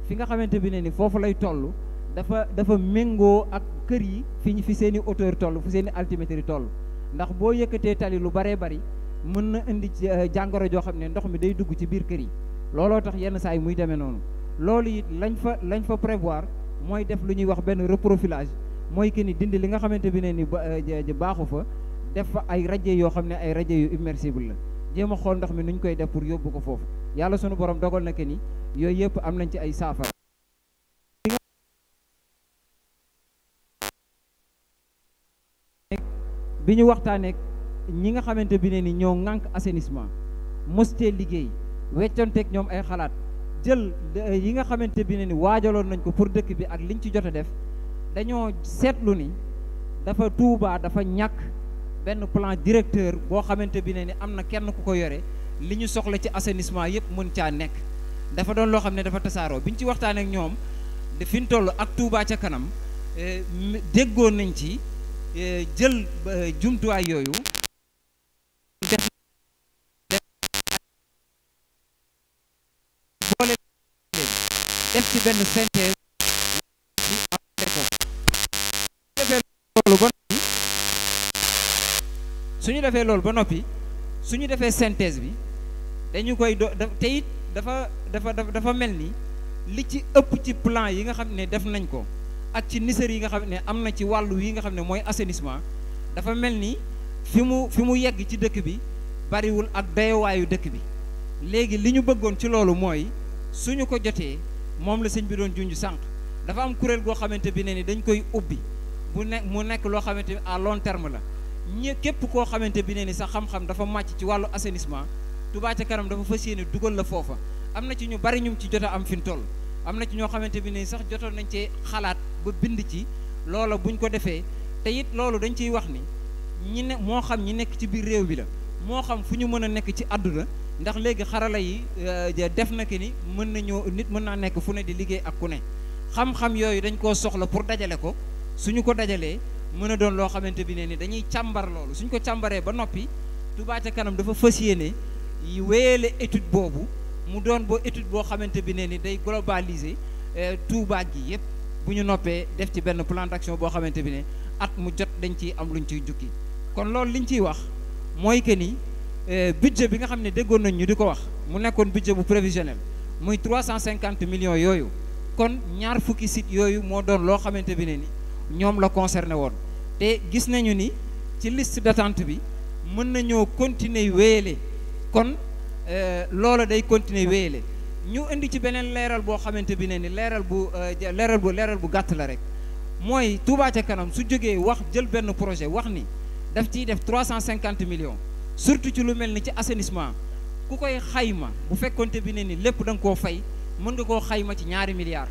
fi nga xamante bi ne ni foofu lay toll dafa dafa méngoo ak kër yi fi fi seen i hauteur toll fi seen i altimétrie toll ndax boo yëkkatee tali lu baree bari mën na indi eh, jàngoro joo xam ne ndox mi day dugg ci biir kër yi looloo tax yenn saa yi muy demee noonu loolu it lañ fa lañ fa prévoir mooy def lu ñuy wax benn reprofilage mooy que ni dindi li nga xamante bi ne ni eh, baaxu fa def fa ay rajo yoo xam ne ay rajo yu immersible la jéem a xool ndox mi nuñ koy def pour yóbbu ko foofu yàlla sunu borom dogal na que ni yooyu yëpp am nañ ci ay saafara. bi ñu waxtaaneek ñi nga xamante bi ne ni ñoo ŋànk assainissement moste liggéey weccanteeg ñoom ay xalaat jël eh, yi nga xamante bi ne ni waajaloon nañ ko pour dëkk bi ak liñ ci jot a def. dañoo seetlu ni dafa Touba dafa ñàkk benn plan directeur boo xamante bi ne ni am na kenn ku ko yore li ñu soxla ci assainissement yëpp mën caa nekk dafa doon loo xam ne dafa tasaaroo bi ñu ci waxtaan ak ñoom fi ñu toll ak Touba ca kanam eh, déggoon nañ ci eh, jël eh, jumtuwaay yooyu def ci benn synthèse su ñu defee loolu ba noppi su ñu defee synthèse bi dañu koy do te it dafa dafa dafa mel ni li ci ëpp ci plan yi nga xam ne def nañ ko ak ci nisër yi nga xam ne am na ci wàll yi nga xam ne mooy assainissement dafa mel ni fi mu fi mu yegg ci dëkk bi bariwul ak dayowaayu dëkk bi léegi li ñu bëggoon ci loolu mooy suñu ko jotee moom la sëñ bi doon junj sànq dafa am kuréel goo xamante bi ne ni dañ koy ubbi mu nekk mu nekk loo xamante ni à long terme la ñe képp koo xamante bi ne ni sa xam-xam dafa màcc ci wàllu assainissement Touba ca kanam dafa fas yéene dugal la foofa am na ci ñu bari ñum ci jot a am fi mu toll am na ci ñoo xamante bi ne sax jotoon nañ cee xalaat ba bind ci loola buñ ko defee te it loolu dañ ciy wax ni ñi ne moo xam ñi nekk ci biir réew bi la moo xam fu ñu mën a nekk ci àdduna ndax léegi xarala yi euh, def na ki ni mën nañoo nit mën naa nekk fu ne di liggéey ak ku ne xam-xam yooyu dañ koo soxla pour dajale ko suñu ko dajalee mën a doon loo xamante bi nee nii dañuy càmbar loolu suñ ko càmbaree ba noppi Touba ca kanam dafa fas yéene yi wéyale étude boobu mu doon boo étude boo xamante bi nee nii day globaliser euh, Touba gi yépp bu ñu noppee def ci benn plan d'action boo xamante bi ne at mu jot dañ ciy am luñ ciy jukki kon loolu liñ ciy wax mooy que ni euh, budget bi nga xam ne déggoon nañ ñu di ko wax mu nekkoon budget bu prévisionnel muy 350 millions yooyu kon ñaar fukki sites yooyu moo doon loo xamante bi ne ni ñoom la concerné woon te gis nañu ni ci liste d'attente bi mën nañoo continuer wéyale kon euh, loola day continuer wéyale ñu indi ci beneen leeral boo xamante bi ne ni leeral bu euh, leeral bu leeral bu gàtt la rek mooy Touba ca kanam su jógee wax jël benn projet wax ni daf ciy def trois cent cinquante million surtout ci lu mel ni ci assainissement ku koy xayma bu fekkonte bi ne ni lépp da nga koo fay mën nga koo xayma ci ñaari milliards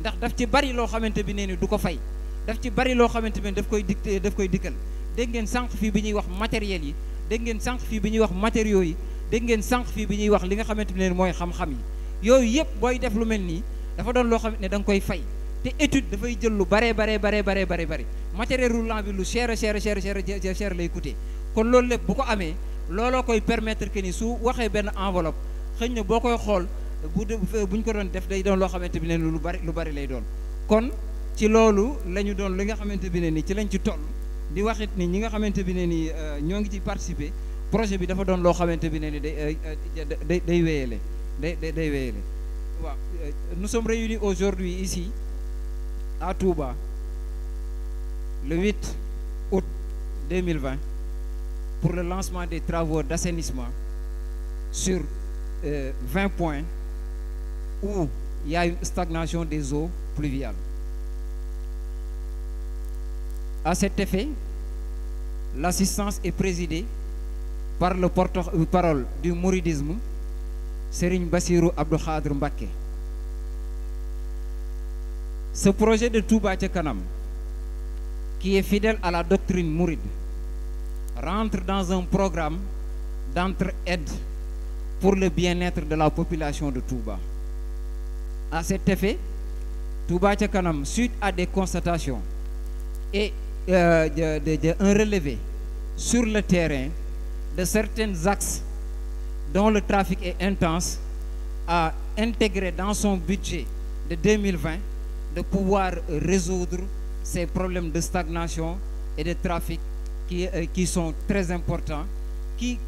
ndax daf ci bari loo xamante bi ne du ko fay daf ci bari loo xamante ne daf koy dicté daf koy dikkal dégg ngeen sànq fii bi ñuy wax matériel yi dégg ngeen sànq fii bi ñuy wax matériaux yi dégg ngeen sànq fii bi ñuy wax li nga xamante ne mooy xam-xam yi yooyu yëpp booy def lu mel nii dafa doon loo xam ne da nga koy fay te étude dafay jël lu baree baree baree baree baree baree matériel roulant bi lu cher cher cher cher cher lay coûter kon loolu lépp bu ko amee looloo koy permettre que ni su waxee benn enveloppe xëy na boo koy xool bu bu ñu ko doon def day doon loo xamante ne lu bari lu bari lay doon kon. ci loolu la ñu doon li nga xamante bi ne nii ci lañ ci toll di waxit ni ñi nga xamante bi ne nii euh, ñoo ngi ci participer projet bi dafa doon loo xamante bi ne ni day euh, euh, day day wéyale day day day wéyale waaw nous sommes réunis aujourd'hui ici à Touba le 8 août 2020 pour le lancement des travaux d'assainissement sur euh, 20 points où il y a stagnation des eaux pluviales À cet effet, l'assistance est présidée par le porte-parole euh, du mouridisme, Serigne Bassirou Abdou Khadr Mbacké. Ce projet de Touba Ca Kanam, qui est fidèle à la doctrine mouride, rentre dans un programme d'entraide pour le bien-être de la population de Touba. À cet effet, Touba Ca Kanam, suite à des constatations et euh, de, de, un relevé sur le terrain de certains axes dont le trafic est intense à intégrer dans son budget de 2020 de pouvoir résoudre ces problèmes de stagnation et de trafic qui, euh, qui sont très importants,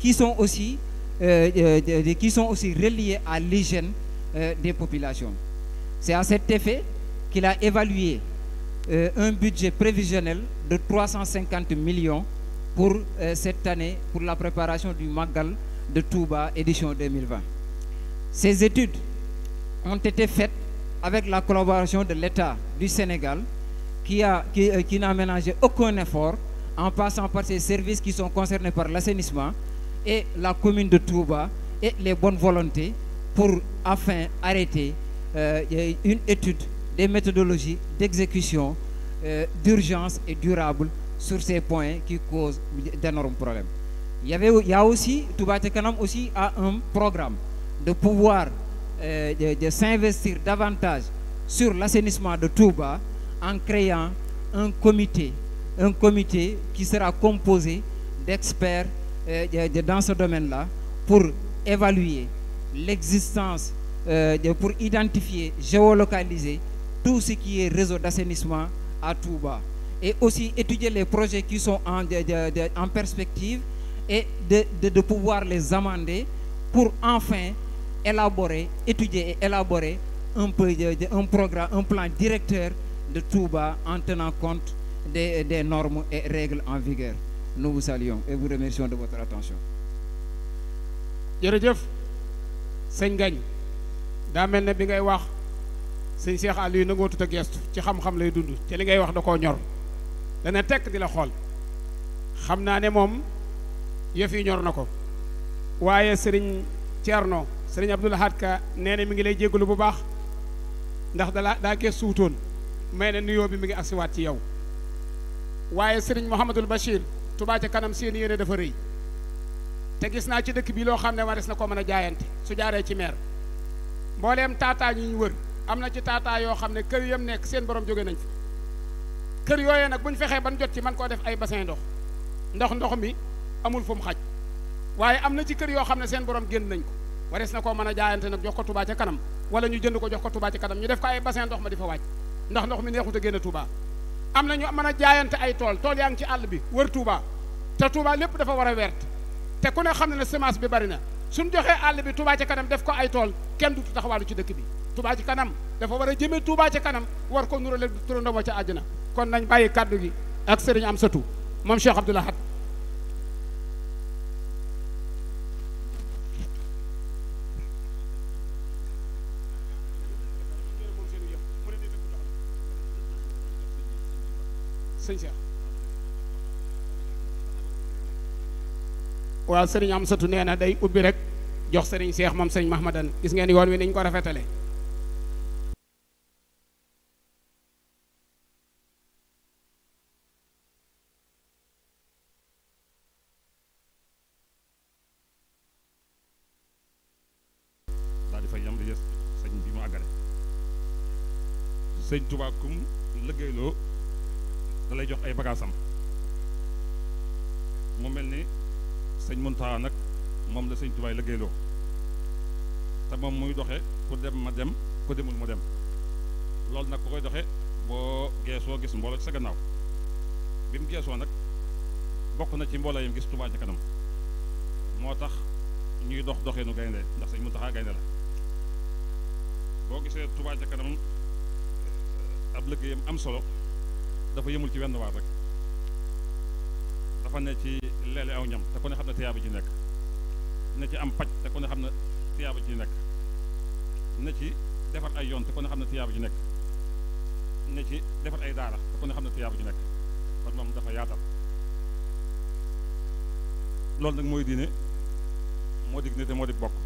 qui, sont, aussi, euh, euh de, qui sont aussi reliés à l'hygiène euh, des populations. C'est à cet effet qu'il a évalué euh, un budget prévisionnel de 350 millions pour euh, cette année, pour la préparation du Magal de Touba, édition 2020. Ces études ont été faites avec la collaboration de l'État du Sénégal, qui n'a qui, euh, qui ménagé aucun effort en passant par ces services qui sont concernés par l'assainissement et la commune de Touba et les bonnes volontés pour enfin arrêter euh, une étude des méthodologies d'exécution euh, d'urgence et durable sur ces points qui causent d'énormes problèmes. Il y a aussi, Touba Ca Kanam aussi a un programme de pouvoir euh, de, de s'investir davantage sur l'assainissement de Touba en créant un comité, un comité qui sera composé d'experts euh, de, dans ce domaine-là pour évaluer l'existence, euh, pour identifier, géolocaliser tout ce qui est réseau d'assainissement à Touba et aussi étudier les projets qui sont en, de, de, de, perspective et de pouvoir les amender pour enfin élaborer, étudier et élaborer un, peu, un programme, un plan directeur de Touba en tenant compte des, des normes et règles en vigueur. Nous vous saluons et vous remercions de votre attention. jërëjëf sëñ Gagne daa mel ne bi ngay wax sëñ Cheikh Aliou nangoo tut a geestu ci xam-xam lay dund te li ngay wax da koo ñor dana tekk di la xool xam naa ne moom yëf yi ñor na ko waaye sëriñ Thierno sëriñ Abdoul Ahad Ka nee na mi ngi lay jégalu bu baax ndax dala daa geestu wutoon may na nuyoo bi mi ngi agsiwaat ci yow waaye sëriñ Mouhamadul Bachir Touba ci kanam seen yéene dafa rëy te gis naa ci dëkk bi loo xam ne wares na ko mën a jaayante su jaaree ci meer mbooleem taataa ñu wër am na ci taataa yoo xam ne kër yam nekk seen borom jóge nañ fa kër yooyee nag bu ñu fexee ba ban jot ci man koo def ay bassin ndox ndox ndox mi amul fu mu xaj waaye am na ci kër yoo xam ne seen borom génn nañ ko warees na koo mën a jaayante nag jox ko Touba ca kanam wala ñu jënd ko jox ko Touba ca kanam ñu def ko ay bassin ndox ma di fa wàcc ndax ndox mi neexut a génn Touba am na ñu mën a jaayante ay tool tool yaa ngi ci àll bi wër Touba te Touba lépp dafa war a wert te ku ne xam ne ne semence bi bari na suñ joxee àll bi Touba ca kanam def ko ay tool kenn du taxawaalu ci dëkk bi Touba ci kanam dafa war a jëmee Touba ca kanam war ko nurale turandoo ca na kon nañ bàyyi kàddu gi ak sëriñ Amsatou moom Cheikh Abdoul Ahad waaw sëriñ Amsatu nee na day ubbi rek jox sëriñ Seex moom sëriñ Mahmadan gis ngeen yoon wi niñ ko rafetale sëñ Tuubaa gannaaw bi mu geesoo nag bokk na ci mboola yam gis Touba ca kanam moo tax ñuy dox doxeenu gaynde ndax sëñ Muntaxa gaynde la boo gisee Touba ca kanam ab liggéeyam am solo dafa yëmul ci wenn waar rek dafa ne ci leele aw ñam te ku xam ne tiyaaba ci nekk ne ci am paj te ku ne xam ne tiyaaba ci nekk ne ci defar ay yoon te ku ne xam ne tiyaaba ji nekk ne ci defar ay daara te ku ne xam ne tuyaaba ju nekk kon moom dafa yaatal loolu nag mooy diine moo dig nit te moo di bokk